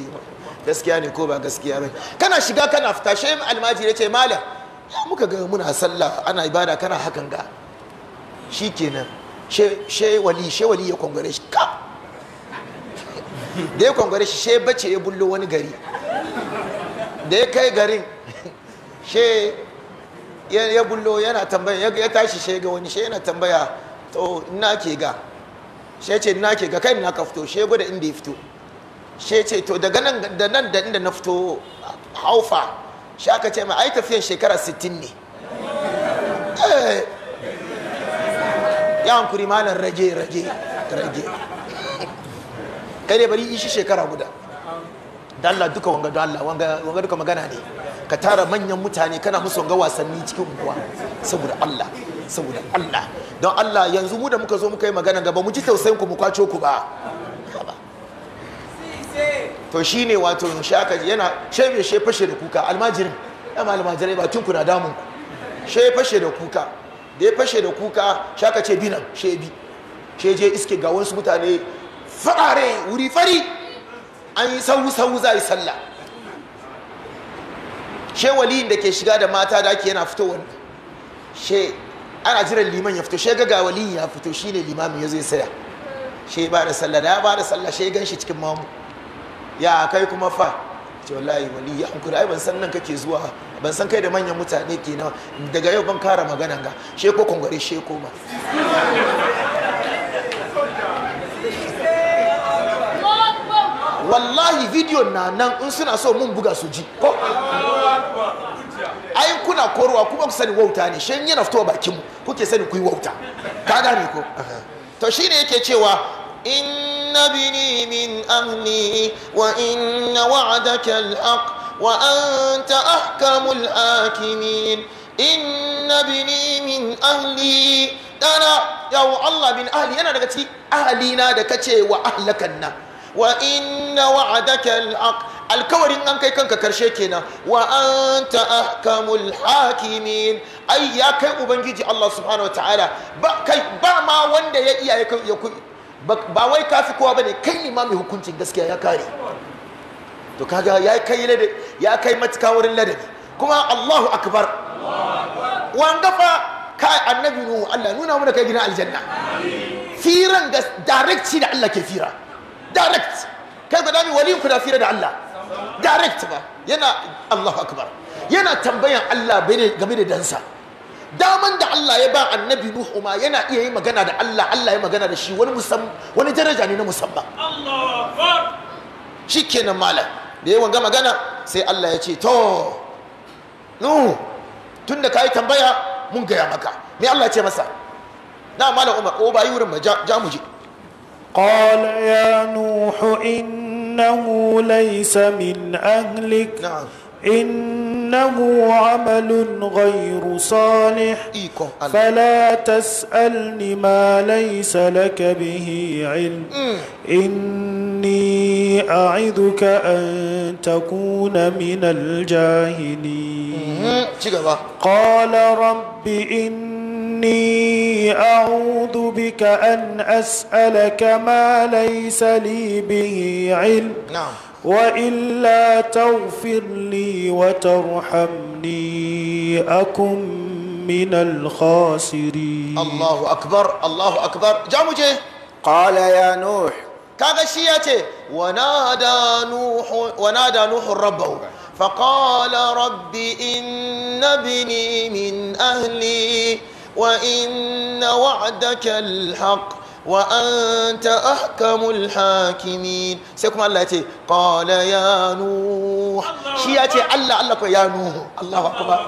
gaskiya ne ko ba gaskiya ba kana shiga kana fita shi ya ce malam muka ga muna sallah ana ibada kana hakan ga kenan she wali she wali ya kongare shi ka da ya kongare shi she bace ya bullo wani gari da ya kai garin she ya bullo yana tambaya ya tashi she ga wani she yana tambaya to ina ke ga she ce ina ke ga kai na ka fito she gwada inda ya fito she ce to daga nan da nan da inda na fito haufa she aka ce mai ai tafiyan shekara 60 ne eh. ya hankuri malam rage rage rage kai ne bari ishi shekara guda da Allah duka wanga dalla wanga duka magana ne ka tara manyan mutane kana musu ga wasanni cikin unguwa saboda Allah saboda Allah don Allah yanzu mu da muka zo muka yi magana gaba mu ji tausayin ku mu kwaco ku ba to shine wato in shaka yana shebe she fashe da kuka almajirin amma almajirai ba tun na damun ku she fashe da kuka da ya fashe da kuka shaka ce binan she bi she je iske ga wasu mutane farare wuri fari an yi sahu sahu za yi sallah she waliyin da ke shiga da mata da ake yana fito wani she ana jiran liman ya fito she ga ga ya fito shi ne limamin ya zai saya she ba da sallah da ya ba da sallah she gan shi cikin mamu ya kai kuma fa ce wallahi wali ya hankuri ai ban san nan kake zuwa ban san kai da manyan mutane kenan daga yau ban kara magana ga she ko kongare she ko ma wallahi video na nan in suna so mun buga su ji ko ai kuna koruwa kuma ku sani wauta ne shanye yana fitowa bakin mu kuke sani ku yi wauta ka gane ko to shine yake cewa inna bini min amni wa inna wa'daka al-haq wa anta ahkamul hakimin inna bini min ahli dana yawo allah bin ahli yana daga ci ahli na da kace wa ahlakan nan wa inna wa'adaka al-haq alkawarin an kai kanka karshe kenan wa anta ahkamul hakimin ai ya kai ubangiji Allah subhanahu wataala ba kai ba ma wanda ya iya ya ba wai kafi kowa bane kai ne ma mai hukuncin gaskiya ya kare to kaga ya kai ladabi ya kai matuka wurin ladabi kuma Allahu akbar wanga fa kai annabi nuhu Allah nuna mana kai gidan aljanna firan direct da Allah ke fira direct kai guda mai wali ku na fira da Allah direct ba yana Allahu akbar yana tambayan Allah game da dansa daman da Allah ya ba annabi Nuhu ma yana iya yi magana da Allah Allah ya magana da shi wani musam wani daraja ne na musamman Allahu akbar shikenan malam da yawan ga magana sai Allah ya ce to Nuhu tunda kai tambaya mun gaya maka me Allah ya ce masa na malam Umar ko bayi wurin ma ja mu je قال يا نوح إنه ليس من أهلك نعم. إنه عمل غير صالح فلا تسألني ما ليس لك به علم إني أعذك أن تكون من الجاهلين قال رب إني إني أعوذ بك أن أسألك ما ليس لي به علم نعم وإلا تغفر لي وترحمني أكن من الخاسرين الله أكبر الله أكبر جامجه قال يا نوح كغشيته ونادى نوح ونادى نوح ربه فقال رب إن ابني من أهلي وإن وعدك الحق وأنت أحكم الحاكمين سيكم الله يتي قال يا نوح شي يتي الله الله يا نوح الله أكبر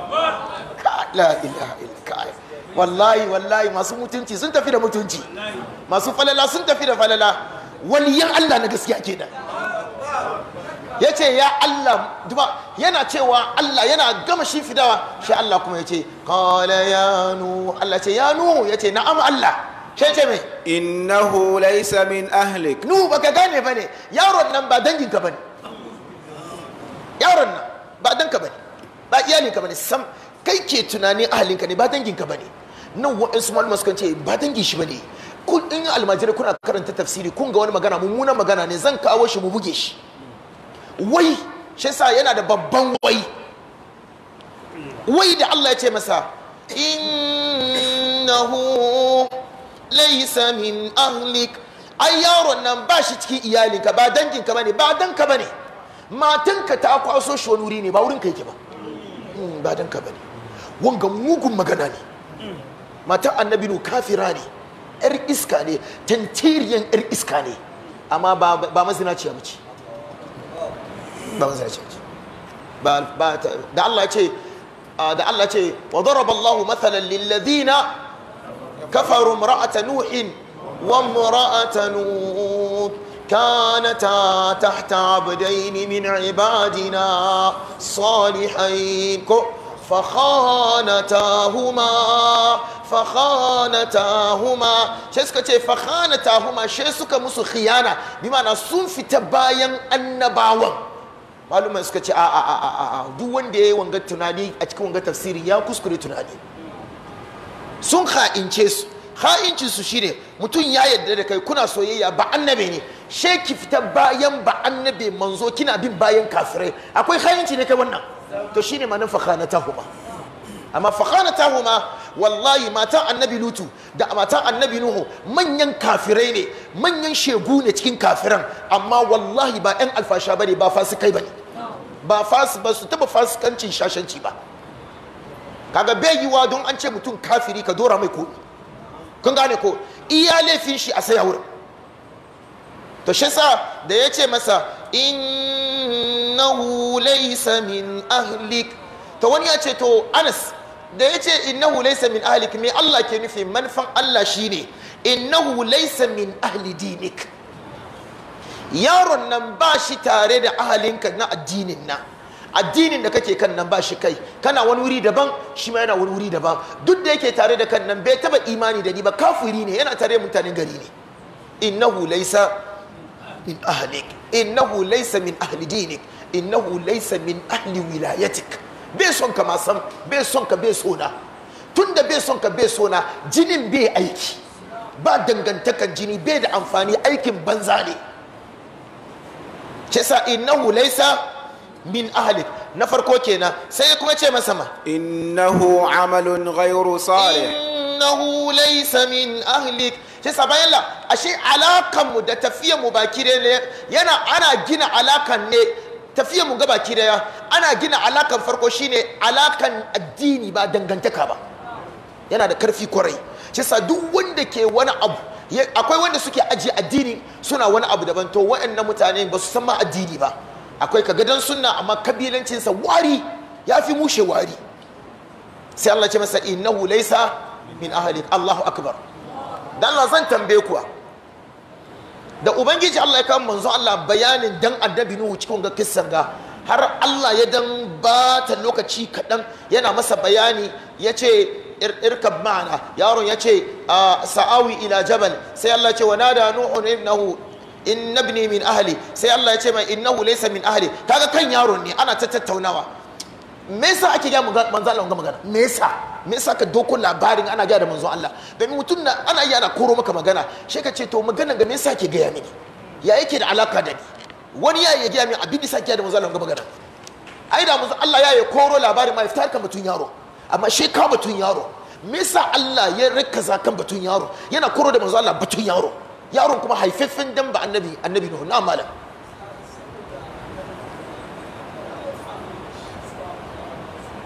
لا إله إلا كاي wallahi wallahi masu mutunci sun tafi da mutunci masu falala sun tafi da falala waliyan Allah na gaskiya kenan ya ce ya Allah yana cewa Allah yana gama shi fidawa shi Allah kuma ya ce kala ya nu Allah ce ya nu ya ce na'am Allah shi ce mai innahu hulai min ahlik nu baka gane ba ne yaron nan ba dangin ka bane yaron nan ba dan ka bane ba iyalin ka bane sam kai ke tunani ahalin ka ne ba dangin ka bane nan wa'ansu malama kan ce ba dangin shi bane kun in almajirai kuna karanta tafsiri kun ga wani magana mummunan magana ne zan kawo shi mu buge shi wai shi sa yana da babban wai wai da Allah ya ce masa innahu laysa min ahlik ai yaro nan ba shi cikin iyalinka ba danginka bane ba danka bane matanka ta kwaso shi wani wuri ne ba wurin ka yake ba hmm, ba danka bane wanga mugun magana ne matan annabi nu kafira ne yar iska ne tantiriyan yar iska ne amma ba mazina mazinaciya mace آه، وضرب الله مثلا للذين كفروا امرأة نوح وامرأة نوط كانتا تحت عبدين من عبادنا صالحين فخانتاهما فخانتاهما شيسكا تي فخانتاهما شيسكا مسو خيانة بمعنى صنف تباين النباوة malumai suka ce a a a a duk wanda ya yi wanga tunani a cikin wanga tafsiri ya kuskure tunani sun ha'ince su ha'incin su shine mutum ya yarda da kai kuna soyayya ba annabe ne she ki fita bayan ba annabe manzo kina bin bayan kafirai akwai ha'inci ne kai wannan to shine manan fakhanatahuma amma tahuma wallahi matan annabi lutu da matan annabi nuhu manyan kafirai ne manyan shegu ne cikin kafiran amma wallahi ba yan alfasha bane ba fasikai bane ba fasu ba su taba fasikancin shashanci ba kaga bai yiwa don an ce mutum kafiri ka dora mai kuɗi kun gane ko iya laifin shi a saya wurin to shi sa da ya ce masa innahu laysa min ahlik to wani ya ce to anas da ya ce innahu laysa min ahlik me Allah ke nufi manufan Allah shine innahu laysa min ahli dinik yaron nan ba shi tare da ahalinka na addinin na addinin da kake kan nan ba shi kai kana wani wuri daban shi ma yana wani wuri daban duk da yake tare da kan nan bai taba imani da ni ba kafiri ne yana tare mutanen gari ne innahu laysa min ahlik innahu laysa min ahli dinik innahu laysa min ahli wilayatik bai son ka ma bai son ka bai sona tun da bai son ka bai sona jinin bai aiki ba dangantakan jini bai da amfani aikin banza ne ce sa innahu laisa min ahalik na farko kenan sai kuma ce masa ma innahu amalun ghairu salih innahu laysa min ahlik sa bayan la ashe alakan mu da tafiyan mu baki ne yana ana gina alakan ne tafiya mu gaba ki daya ana gina alakan farko shine alakan addini ba dangantaka ba yana da karfi kwarai shi sa duk wanda ke wani abu akwai wanda suke ajiye addini suna wani abu daban to waɗannan mutane ba su san ma addini ba akwai ka gadan sunna amma kabilancinsa wari ya fi mushe wari sai Allah ce masa innahu laysa min ahli Allahu akbar dan Allah zan tambaye kuwa da ubangiji Allah ya kawo manzo Allah bayanin dan annabi Nuhu cikin ga kissan ga har Allah ya dan ba ta lokaci kaɗan yana masa bayani ya ce irkab ma'ana yaron ya ce sa'awi ila jabal sai Allah ce wa nada Nuhu ibnahu inna ibni min ahli sai Allah ya ce mai innahu laysa min ahli kaga kan yaron ne ana ta tattaunawa me yasa ake ga manzo Allah ga magana me yasa me yasa ka doko labarin ana gaya da manzon Allah domin mutum na ana iya ana koro maka magana shi ka ce to magana ga me yasa ke gaya mini ya yake da alaka da ni wani ya ya gaya min abin da sake da manzon Allah ga magana ai da manzon Allah ya ya koro labarin ma iftar kan batun yaro amma shi ka batun yaro me yasa Allah ya za kan batun yaro yana koro da manzon Allah batun yaro yaron kuma haifaffen dan ba annabi annabi nuhu na malam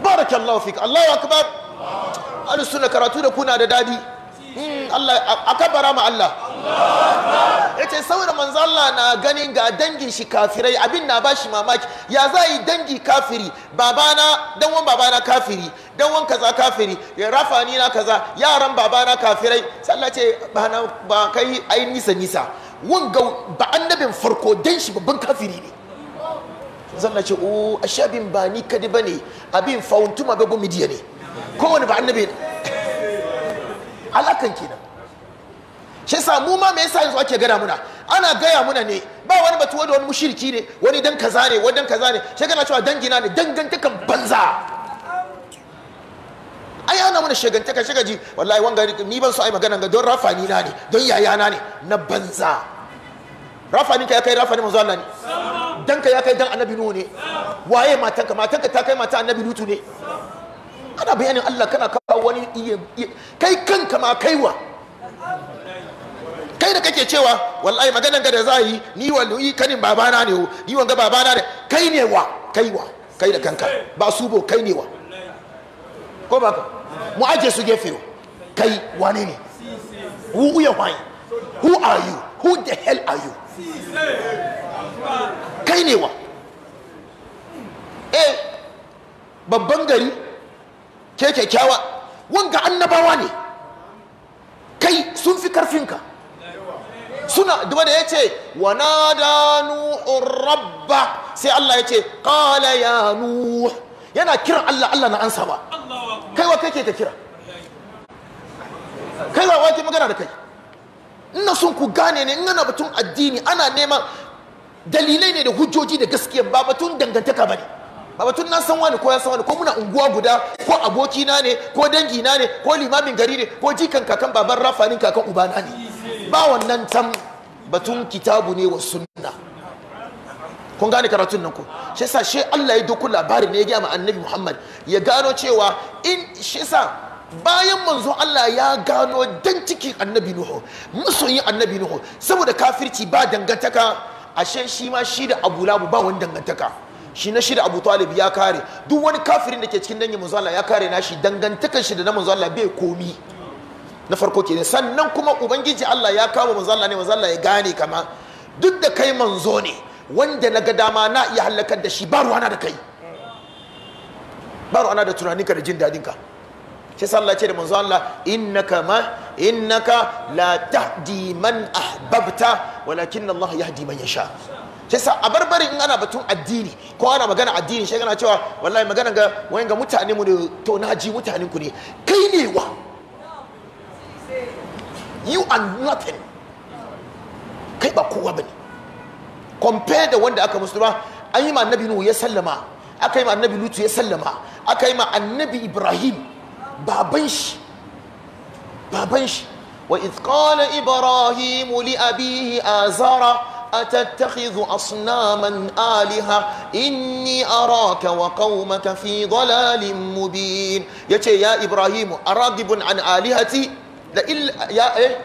barakallahu fik Allahu akbar ahlus suna karatu da kuna da dadi hmm, Allah akabara ma Allah yace saboda manzo Allah na ganin ga dangin shi kafirai abin na bashi mamaki ya za yi dangi kafiri babana babana kafiri dan kaza kafiri ya rafa ni na kaza yaran babana kafirai sallah ce ba kai ai nisa nisa ga ba annabin farko dan shi babban kafiri ne na ce o oh, ashabin ba ni kadi bane abin fauntuma be gomidiya ne kowane ba annabi ne alakan kenan shi yasa mu ma me yasa yanzu ake gada muna ana gaya muna ne ba wani batu wani wani mushriki ne wani dan kaza ne wani dan kaza ne shi kana cewa dangina ne dangantakan banza ai ana muna shagantaka shagaji gaji wallahi wanga ni ban so ai magana ga don rafani na ne don yayana ne na banza rafani ka ya kai rafanin manzo Allah ne danka ya kai dan annabi nuhu ne waye matanka matanka ta kai mata annabi lutu ne kana bayanin Allah kana kawo wani iya kai kanka ma kaiwa kai da kake cewa wallahi maganan da za yi ni wallahi kanin babana ne ni wanga babana ne kai ne wa kai wa kai da kanka ba su bo kai ne wa ko ba ka mu aje su gefe kai wane ne who are you who are you who the hell are you kai ne wa eh babban gari ke kyakkyawa wanga annabawa ne kai sun fi karfinka suna duba da ya ce wana da nuhun rabba sai Allah ya ce kala ya nuh yana kira Allah Allah na ansa ba wa kai ke ka kira Kai wa wake magana da kai ina sun ku gane ne ina batun addini ana neman dalilai ne da hujjoji da gaskiya ba batun dangantaka ba ne ba batun na san wani ko ya san wani ko muna unguwa guda ko abokina ne ko na ne ko limamin gari ne ko jikan kakan baban rafanin kakan ubana ne ba wannan tam batun kitabu ne wa sunna kun gane karatun nan ko shi yasa shi Allah ya doku labari ne ya ga annabi Muhammad ya gano cewa in shi yasa bayan manzon Allah ya gano dan cikin annabi Nuhu masoyin annabi Nuhu saboda kafirci ba dangantaka ashe shi ma shi da Abu Labu ba wani dangantaka shi na shida Abu Talib ya kare duk wani kafirin da ke cikin dangin manzo Allah ya kare nashi dangantakar shi da na manzo Allah bai komi na farko kenan sannan kuma ubangiji Allah ya kawo manzo Allah ne manzo Allah ya gane kama duk da kai manzo ne wanda na ga dama na iya halakar da shi baro ana da kai Baro ana da tunaninka da jin dadinka shi sa Allah ce da manzo Allah innaka ma innaka la tahdi man ahbabta walakin Allah yahdi man yasha kisa a barbari in ana batun addini ko ana magana addini shi gana cewa wallahi magana ga wayan ga mutane mu ne to na ji mutanen ku ne kai ne wa you are nothing kai ba kowa bane compare da wanda aka musulma an yi ma annabi nuhu ya sallama aka yi ma annabi lutu ya sallama aka yi ma annabi ibrahim baban shi baban shi wa iz qala ibrahim li abihi azara أتتخذ أصناما آلهة إني أراك وقومك في ضلال مبين يتي يا إبراهيم أراغب عن آلهتي لإل يا إيه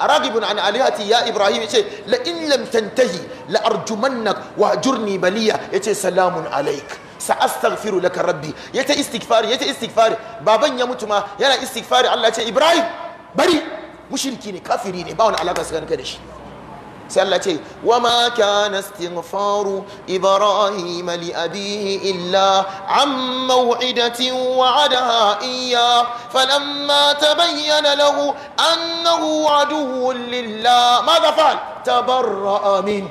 أراغب عن آلهتي يا إبراهيم يتي لإن لم تنتهي لأرجمنك وأجرني بليا يتي سلام عليك سأستغفر لك ربي يتي استغفاري يتي استغفاري بابا يموت ما يلا استغفاري الله يتي إبراهيم بري مشركين كافرين باون على قصر كدش سلتي وما كان استغفار إبراهيم لأبيه إلا عن موعدة وعدها إياه فلما تبين له أنه عدو لله ماذا فعل تبرأ منه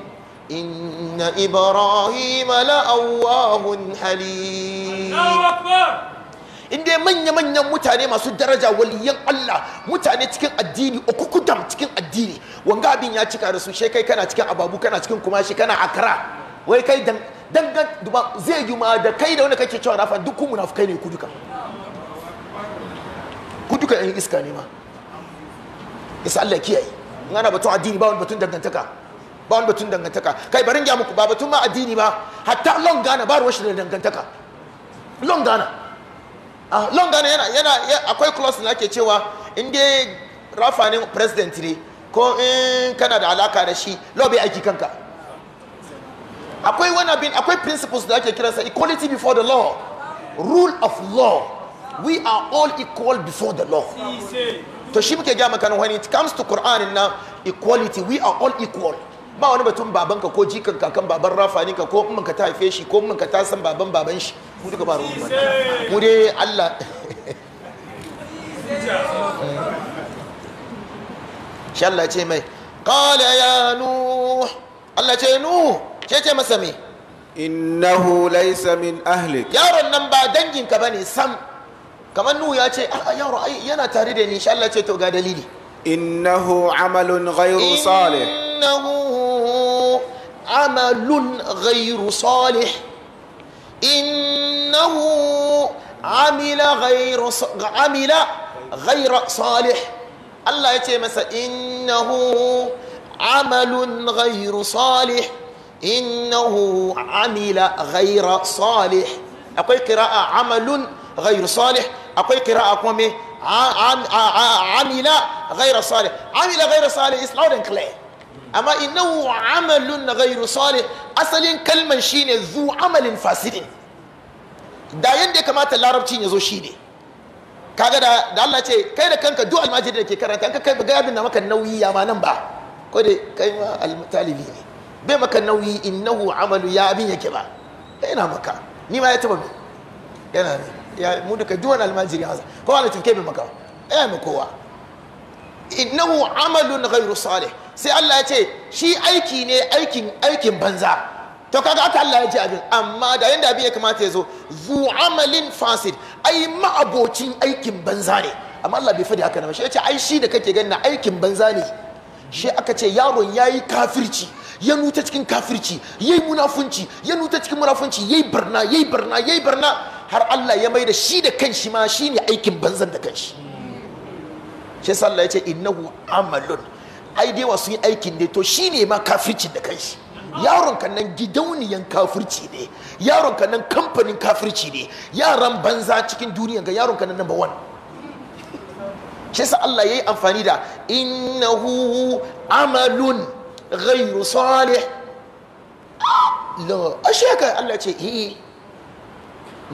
إن إبراهيم لأواه حليم الله أكبر in dai manya-manyan mutane masu daraja waliyan Allah mutane cikin addini okukudam cikin addini wanga abin ya cika da su she kai kana cikin ababu kana cikin kumashi kana akara wai kai dangan duba zai yi ma da kai da wanda kake cewa rafa duk kun Kai ne ku duka ku duka yan iska ne ma yasa Allah kiyaye in ana batun addini ba wani batun dangantaka ba wani batun dangantaka kai barin ya muku ba batun ma addini ba hatta long gana ba ruwa shi da dangantaka long gana a ah, long gane yana yana akwai clause na ke cewa inda dai rafa president ne ko in kana da alaka da shi law aiki kanka akwai wani abin akwai principles da ake kiransa equality before the law rule of law we are all equal before the law to shi muke gaya maka wani it comes to Quran now equality we are all equal ba wani batun babanka ko jikan kakan baban rafaninka ko ka ta haife shi ko ka ta san baban baban shi mu duka ba ruwan mu dai Allah shi Allah ce mai qala ya nu Allah ce nu ce ce masa me innahu laysa min ahlik yaron nan ba danginka bane sam kamar nu ya ce a yaro yana tare da ni shi Allah ce to ga dalili innahu amalun ghayru salih innahu عمل غير صالح إنه عمل غير عمل غير صالح الله يتي مسا إنه عمل غير صالح إنه عمل غير صالح أقول قراءة عمل غير صالح أقول قراءة قومي عمل غير صالح عمل غير صالح إسلام loud amma innahu amalun ghairu salih asalin kalman shine zu amalin fasidin da yadda ya kamata larabcin ya zo shine kaga da da Allah ce kai da kanka duk almajiri da ke karanta ka kai ga abin da maka nauyi ya ma nan ba ko dai kai ma almutalibi ne bai maka nauyi innahu amalu ya abin yake ba yana eh, maka ni ma ya taba yana ne ya mu duka duk wani almajiri haza ko Allah tafke bai maka ya eh, mai kowa innahu amalun ghairu salih sai Allah ya ce shi aiki ne aikin aikin banza to kaga aka Allah ya ji abin amma da yanda abin ya kamata ya zo zu amalin fasid ai ma'abocin aikin banza ne amma Allah bai faɗi haka na ba shi ya ce ai shi da kake ganna aikin banza ne shi aka ce yaron yayi kafirci ya nuta cikin kafirci yayi munafunci ya nuta cikin munafunci yayi barna yayi barna yayi barna har Allah ya mai da shi da kanshi ma shine aikin banzan da kanshi shi sallah ya ce innahu amalun ai dai wasu yi aikin ne to shine ma kafirci da kai yaron ka nan gidauniyan kafirci ne yaron ka nan kamfanin kafirci ne yaran banza cikin duniya ga yaron ka nan number one shi sa Allah yayi amfani da innahu amalun ghayru salih la ashe ka Allah ce eh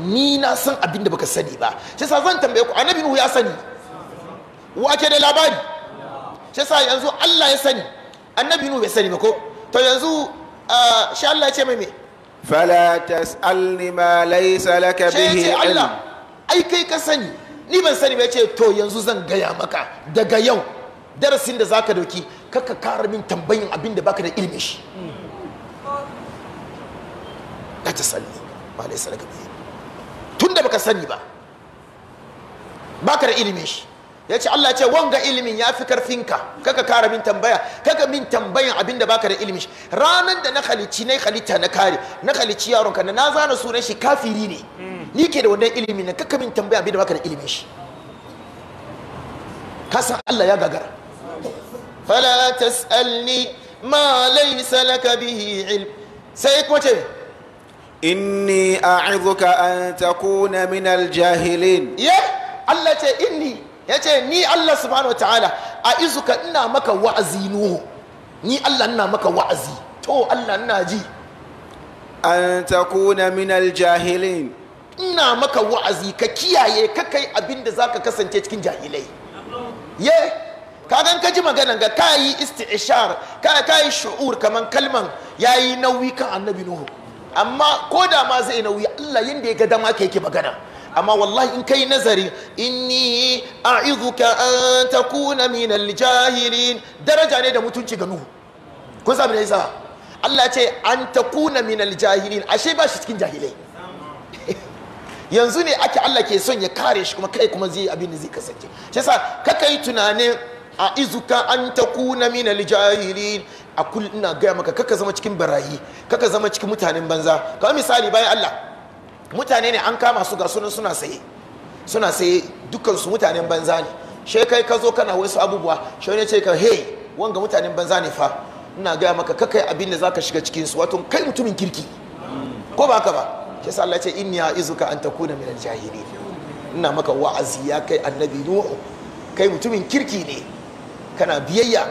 ni na san abin da baka sani ba shi sa zan tambaye ku annabi ya sani wa ke da labari shi sa yanzu Allah ya sani annabi nu bai sani ba ko to yanzu ah, shi Allah ya ce mai me fala tas'alni ma laysa laka bihi Allah ai kai ka sani ni ban sani ba ce to yanzu zan gaya maka daga yau darasin da zaka doki kaka kara min tambayin abin da baka da ilimin shi la tas'alni ma laysa laka bihi tunda baka sani ba baka da ilimin shi ya ce Allah ce wanga ilimin ya fi karfinka kaka kara min tambaya kaka min tambayan abin da baka da ilimin shi ranan da na halici na halitta na kare na halici yaronka na na zana sunan shi kafiri ne ni ke da wannan ilimin na kaka min tambaya abin da baka da ilimin shi kasan Allah ya gagara fala tas'alni ma laysa laka bihi ilm sai kuma ce inni a'idhuka an takuna min al-jahilin ya Allah ce inni ya ce ni Allah subhanahu wa ta'ala a izuka ina maka wa'azi nuhu ni Allah ina maka wa'azi to Allah ina ji an kuna min aljahilin ina maka wa'azi ka kiyaye ka kai abin da zaka kasance cikin jahilai ye kagan ka ji maganan ga kayi isti'ishar ka kayi shu'ur kaman kalman ya yi nauyi kan annabi nuhu amma ko da ma zai nauyi Allah yanda ya ga dama ka yake magana amma wallahi in kai nazari inni a'idhuka an takuna min jahilin daraja ne da mutunci ga nuhu kun sabi ne sa Allah ce an takuna min jahilin ashe ba shi cikin jahilai yanzu ne ake Allah ke son ya kare shi kuma kai kuma zai abin da zai kasance shi yasa kaka yi tunanin a izuka an takuna min aljahilin a kullum ina gaya maka kaka zama cikin barayi kaka zama cikin mutanen banza kamar misali bayan Allah mutane ne an kama su ga sunan suna saye suna saye dukkan su mutanen banza ne she kai ka zo kana wasu abubuwa she ne ce ka he wanga mutanen banza ne fa ina gaya maka kakai abin da zaka shiga cikin su wato kai mutumin kirki ko ba ka ba shi sa Allah ya ce inni ya izuka an takuna min jahili ina maka wa'azi ya kai annabi nuhu kai mutumin kirki ne kana biyayya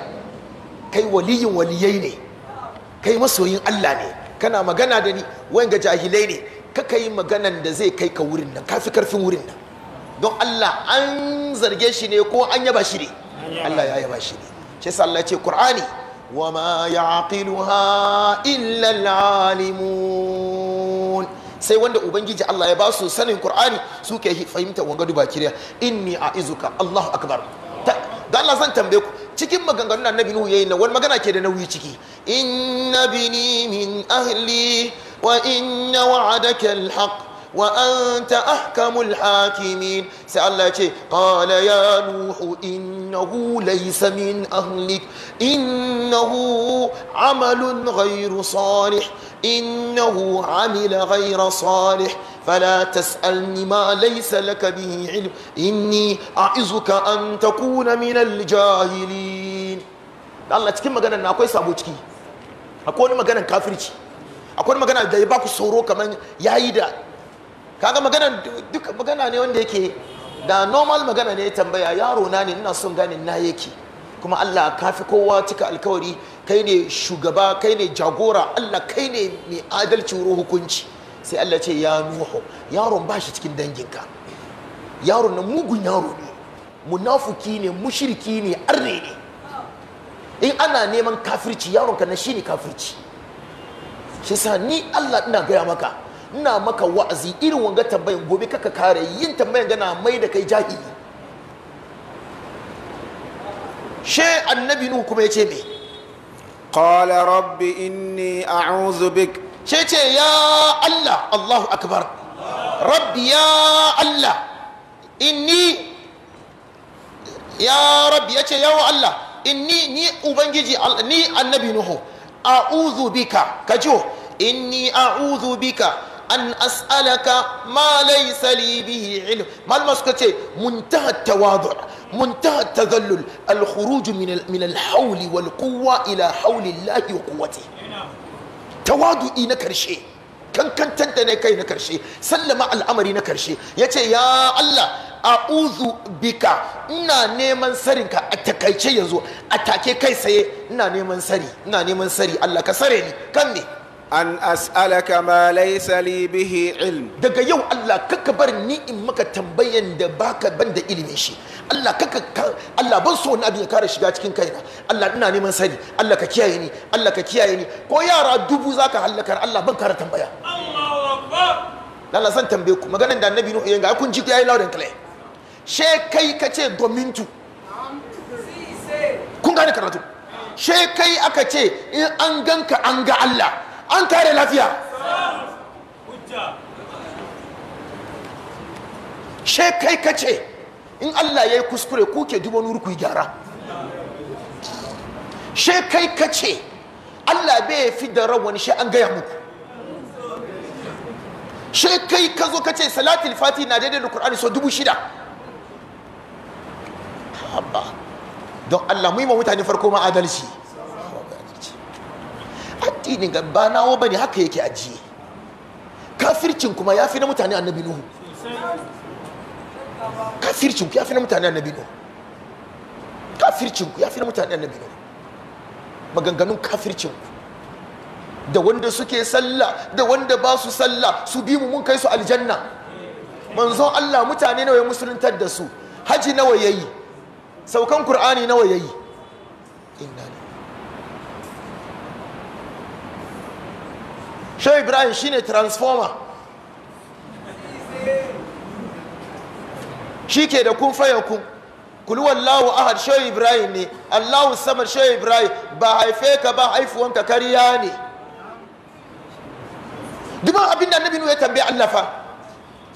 kai waliyin waliyai ne kai masoyin Allah ne kana magana da ni wanga jahilai ne kaka yi maganan da zai kai ka wurin nan kafi karfin wurin nan don Allah an zarge shi ne ko an yaba shi ne Allah ya yaba shi ne shi yasa Allah ce Qur'ani wa ma yaqiluha illa al-alimun sai wanda ubangiji Allah ya ba su sanin Qur'ani ke fahimta wa gadu kiriya inni a'izuka Allahu akbar da Allah zan tambaye ku cikin maganganun annabi Nuhu yayin nan wani magana ke da nauyi ciki inna bini min ahli وإن وعدك الحق وأنت أحكم الحاكمين سألت قال يا نوح إنه ليس من أهلك إنه عمل غير صالح إنه عمل غير صالح فلا تسألني ما ليس لك به علم إني أعزك أن تكون من الجاهلين الله تكلم مجانا ناقوي سابوتكي أكون مجانا كافرتي akwai magana da ya baku sauro kamar yayi da kaga magana duk magana ne wanda yake da normal magana ne ya tambaya yaro na ne ina son gane na yake kuma Allah ka fi kowa cika alkawari kai ne shugaba kai ne jagora Allah kai ne mai adalci ruhu hukunci sai Allah ce ya nuhu yaron ba shi cikin danginka yaron na mugun yaro ne munafuki ne mushirki ne arne ne in ana neman kafirci yaron ka na shi ne kafirci shi sa ni Allah ina gaya maka ina maka wa'azi irin wanga tambayin gobe kaka kare yin tambayan gana mai da kai jahili she annabi nuhu kuma yace me qala rabbi inni a'udhu bik she ce ya Allah Allahu akbar rabbi ya Allah inni ya rabbi yace ya Allah inni ni ubangiji ni annabi nuhu a'udhu bika kajo inni a'udhu bika an as'alaka ma laysa li bihi ilm malama suka ce muntaha tawadu' muntaha tadhallul al khuruj min min wal quwwa ila hawli Allah wa quwwati tawadu'i na karshe kankantar da na kai na karshe sallama al'amari na karshe yace ya Allah a'udhu bika ina neman sarinka a takaice yanzu a take kai saye ina neman sari ina neman sari Allah ka sare ni kan ne. an as'alaka ma laysa li bihi ilm daga yau Allah kaka bar ni in maka tambayan da baka ban da ilimin shi Allah kaka Allah ban so na ya kare shiga cikin kaina Allah ina neman sani Allah ka kiyaye ni Allah ka kiyaye ni ko yara dubu zaka hallakar Allah ban kare tambaya Allahu akbar Allah san tambaye ku maganar da Annabi Nuhu yayin ga kun ji yayi loud and she kai ka ce gomintu kun gane karatu she kai aka ce in an ganka an ga Allah an kare lafiya she kai ka ce in Allah ya yi kuskure kuke dubo nur ku yi gyara she kai ka ce Allah bai fi da rawan shi an gaya muku she kai ka zo ka ce salatul fati na daidai da Qur'ani so dubu shida habba don Allah mu yi ma mutane farko ma adalci addinin gaba nawo bane haka yake ajiye kafircin kuma ya fi na mutane annabi nuhu kafircin ku ya fi na mutane annabi nuhu kafircin ku ya fi na mutane annabi nuhu maganganun kafircin ku da wanda suke sallah da wanda ba su sallah su bi mu mun kai su aljanna manzon Allah mutane nawa ya musuluntar da su haji nawa yayi saukan Kur'ani nawa yi? inna ne shehu ibrahim shine transformer shi ke da kun faya kun kulu wallahu ahad shehu ibrahim ne allahu samar shehu ibrahim ba haife ka ba haifuwanka kariya ne duk abin da annabi ya tambaye allafa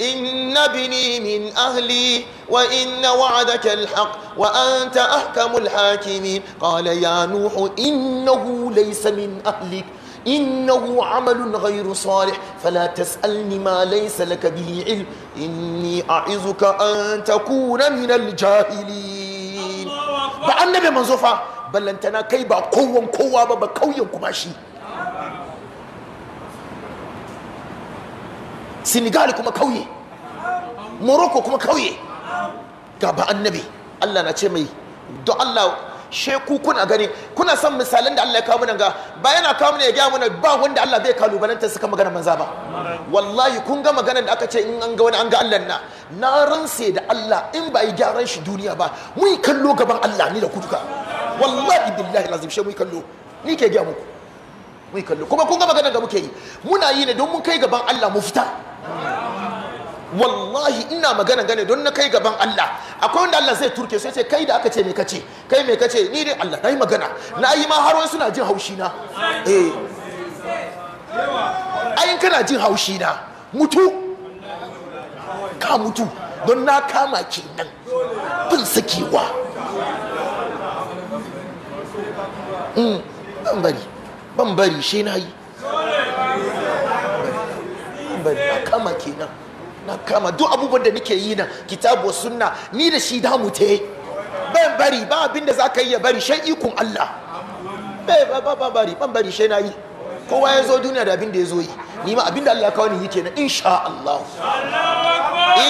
إن ابني من أهلي وإن وعدك الحق وأنت أحكم الحاكمين قال يا نوح إنه ليس من أهلك إنه عمل غير صالح فلا تسألني ما ليس لك به علم إني أعظك أن تكون من الجاهلين بأن نبي منزوفة بل أنتنا كيبا قوة قوة بكوية كماشي senegal kuma kauye morocco kuma kauye ga ba annabi allah na ce mai don allah sheku kuna gani kuna son misalan da Allah ya kawo mana ga ba yana kawo mana ya gaya mana ba wanda Allah bai kalubalanta suka magana manza ba wallahi kun ga maganar da aka ce in an ga wani an ga Allah na na ranse da Allah in ba yi gyaran shi duniya ba mu kallo gaban Allah ni da ku duka wallahi billahi lazim she mu kallo ni ke gaya muku mu kallo kuma kun ga maganar da muke yi muna yi ne don mun kai gaban Allah mu fita wallahi ina magana gane don na kai gaban Allah akwai wanda Allah zai turke Sai ce kai da aka ce me kace kai me kace ni dai Allah Na yi magana na yi ma har suna jin haushi na eh ai kana jin haushi na mutu ka mutu don na kama kenan bin sakewa mm ban bari ban bari shi na yi bari na kama kenan na kama duk abubuwan da nake yi na kitabu sunna ni da shi damu te ban bari ba abin da zaka yi ya bari shan ikon Allah ba ba ba bari ban bari shan nayi kowa ya zo duniya da abin da ya zo yi ni ma abin da Allah ya kawo ni yake na insha Allah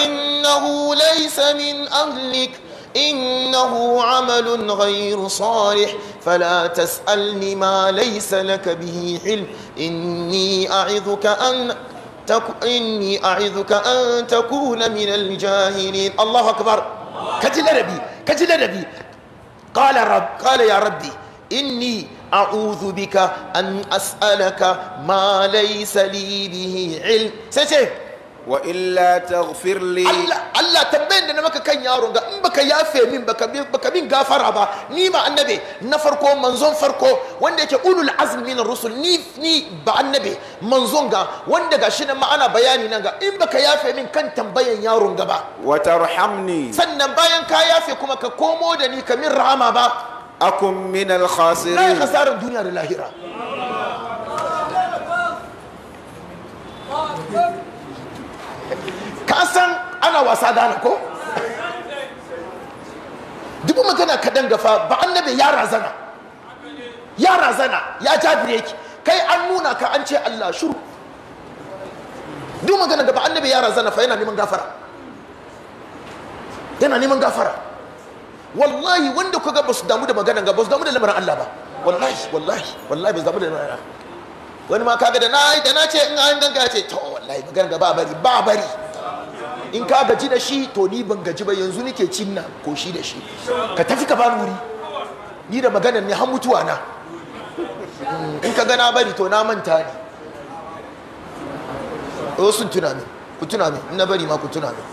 innahu laysa min ahlik إنه عمل غير صالح فلا تسألني ما ليس لك به علم إني أعظك أن inni a'idhuka an takuna min al-jahilin Allahu akbar kaji ladabi kaji ladabi qala rabb qala ya rabbi inni a'udhu an as'alaka ma laysa li bihi ilm wa illa taghfir li Allah Allah da na maka kan yaron ga in baka yafe min baka baka min gafara ba ni ma annabi na farko manzon farko wanda yake ulul azmi min rusul ni ni ba annabi manzon ga wanda gashi nan ma ana bayani nan ga in baka yafe min kan tambayan yaron ga ba wa tarhamni sannan bayan ka yafe kuma ka komo da ni ka min rahama ba akun min al khasirin na kasarar duniya da lahira ka san ana wasa da ana ko dubu magana kaɗan gafa ba annabi ya razana ya razana ya ja ki. kai an nuna ka an ce Allah shuru duk magana da ba annabi ya razana fa yana neman gafara yana neman gafara wallahi wanda kuga ba su damu da magana ga ba su damu da lamarin Allah ba wallahi wallahi wallahi ba su damu da lamarin Allah wani ma kaga da na da na ce in an ganka ce to wallahi magana ga ba bari ba bari in ka gaji da shi to ni ban gaji ba yanzu nike cin ko shi da shi ka tafi ka bani wuri ni da maganar ne har mutuwa na in ka gana bari to na manta ne o sun tuna min ku tuna min na bari ma ku tuna min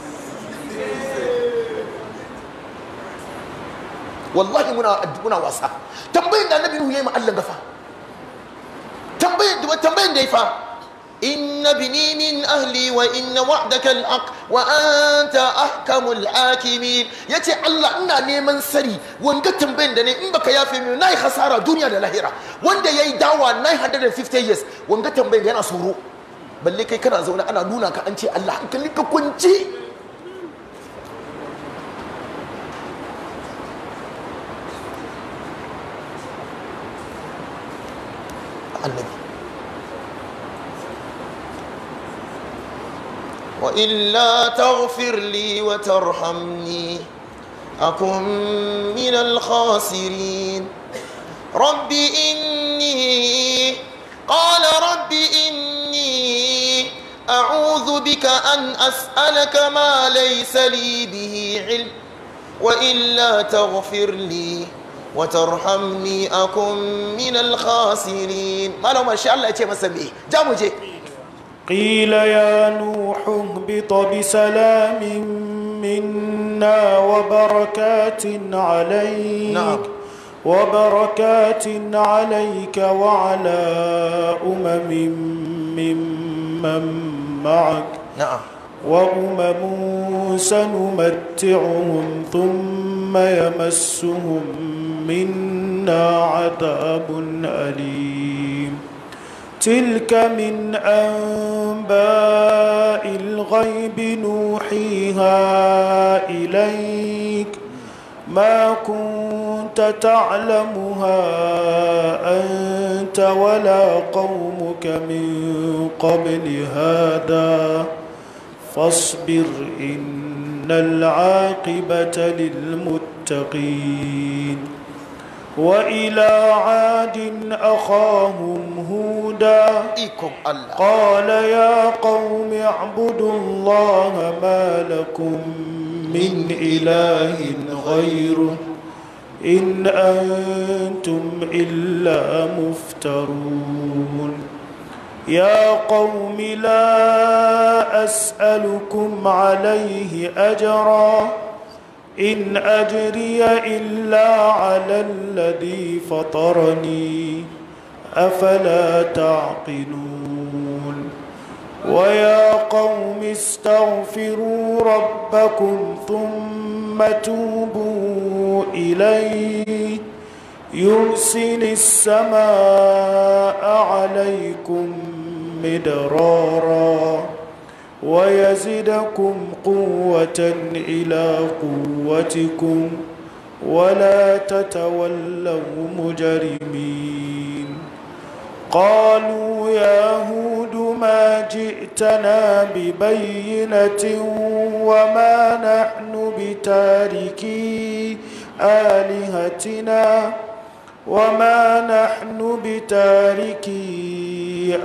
wallahi muna wasa tambayin da annabi ya yi ma Allah gafa tambayin da tambayin da ya fa إن بني من أهلي وإن وعدك الحق وأنت أحكم الحاكمين يتي الله إنا نيمان سري وانك تنبين دني إنبك يا فيمي ناي خسارة دنيا للاهرة وانك يأي دعوة 950 years wanga tambayin yana tsoro balle kai kana zaune ana nuna ka an ce Allah hankali ka kunci annabi وإلا تغفر لي وترحمني أكن من الخاسرين رب إني قال رب إني أعوذ بك أن أسألك ما ليس لي به علم وإلا تغفر لي وترحمني أكن من الخاسرين ما لو ما شاء الله يتمسى به جامو جي قيل يا نوح اهبط بسلام منا وبركات عليك نعم. وبركات عليك وعلى أمم ممن معك نعم وأمم سنمتعهم ثم يمسهم منا عذاب أليم تلك من أنباء الغيب نوحيها إليك ما كنت تعلمها أنت ولا قومك من قبل هذا فاصبر إن العاقبة للمتقين وإلى عاد أخاهم هودا قال يا قوم اعبدوا الله ما لكم من إله غيره إن أنتم إلا مفترون يا قوم لا أسألكم عليه أجراً إن أجري إلا على الذي فطرني أفلا تعقلون ويا قوم استغفروا ربكم ثم توبوا إليه يرسل السماء عليكم مدرارا ويزدكم قوة إلى قوتكم ولا تتولوا مجرمين قالوا يا هود ما جئتنا ببينة وما نحن بتاركي آلهتنا وما نحن بتاركي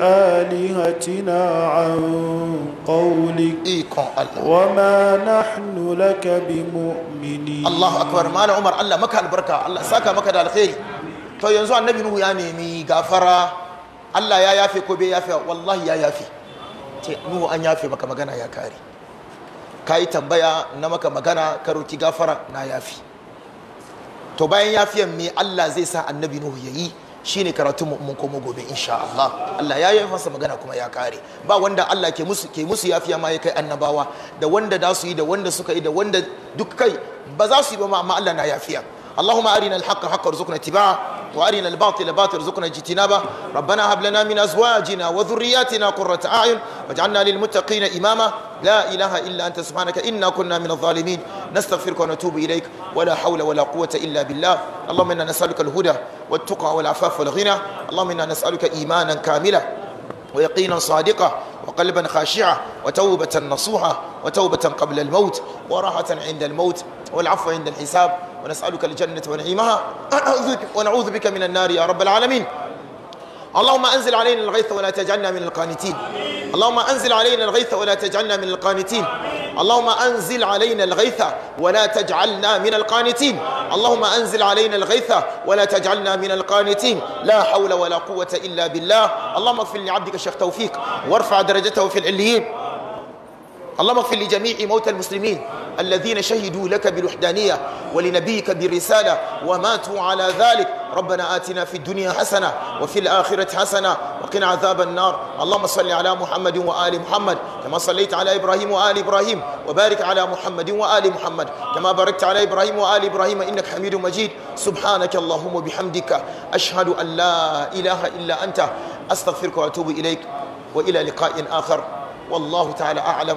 آلهتنا عن قولك وما نحن لك بمؤمنين الله أكبر ما أنا عمر الله مكة البركة الله ساكا مكة دا الخير to yanzu annabi nuhu ya nemi gafara Allah ya yafe ko bai yafe wallahi ya yafe ce nuhu an yafe maka magana ya kare ka tambaya na maka magana ka roki na yafi. to bayan yafiyan me Allah zai sa annabi Nuhu yayi shine karatu mun komo gobe insha Allah Allah ya yi masa magana kuma ya kare ba wanda Allah ke musu ke musu yafiya ma ya kai annabawa da wanda da su yi da wanda suka yi da wanda duk kai ba za su yi ba amma Allah na yafiya Allahumma arina al-haqqa haqqa warzuqna ittiba'a وارنا الباطل باطل ارزقنا اجتنابه ربنا هب لنا من ازواجنا وذرياتنا قرة اعين واجعلنا للمتقين اماما لا اله الا انت سبحانك انا كنا من الظالمين نستغفرك ونتوب اليك ولا حول ولا قوة الا بالله اللهم انا نسالك الهدى والتقى والعفاف والغنى اللهم انا نسالك ايمانا كاملا ويقينا صادقا وقلبا خاشعا وتوبة نصوحة وتوبة قبل الموت وراحة عند الموت والعفو عند الحساب ونسألك الجنة ونعيمها ونعوذ بك من النار يا رب العالمين اللهم أنزل علينا الغيث ولا تجعلنا من القانتين اللهم أنزل علينا الغيث ولا تجعلنا من القانتين اللهم أنزل علينا الغيث ولا تجعلنا من القانتين اللهم أنزل علينا الغيث ولا تجعلنا من القانتين لا حول ولا قوة إلا بالله اللهم اغفر لعبدك الشيخ توفيق وارفع درجته في العليين اللهم اغفر لجميع موتى المسلمين الذين شهدوا لك بالوحدانية ولنبيك بالرسالة وماتوا على ذلك ربنا آتنا في الدنيا حسنة وفي الآخرة حسنة وقنا عذاب النار اللهم صل على محمد وآل محمد كما صليت على إبراهيم وآل إبراهيم وبارك على محمد وآل محمد كما باركت على إبراهيم وآل إبراهيم إنك حميد مجيد سبحانك اللهم وبحمدك أشهد أن لا إله إلا أنت أستغفرك وأتوب إليك وإلى لقاء آخر والله تعالى أعلم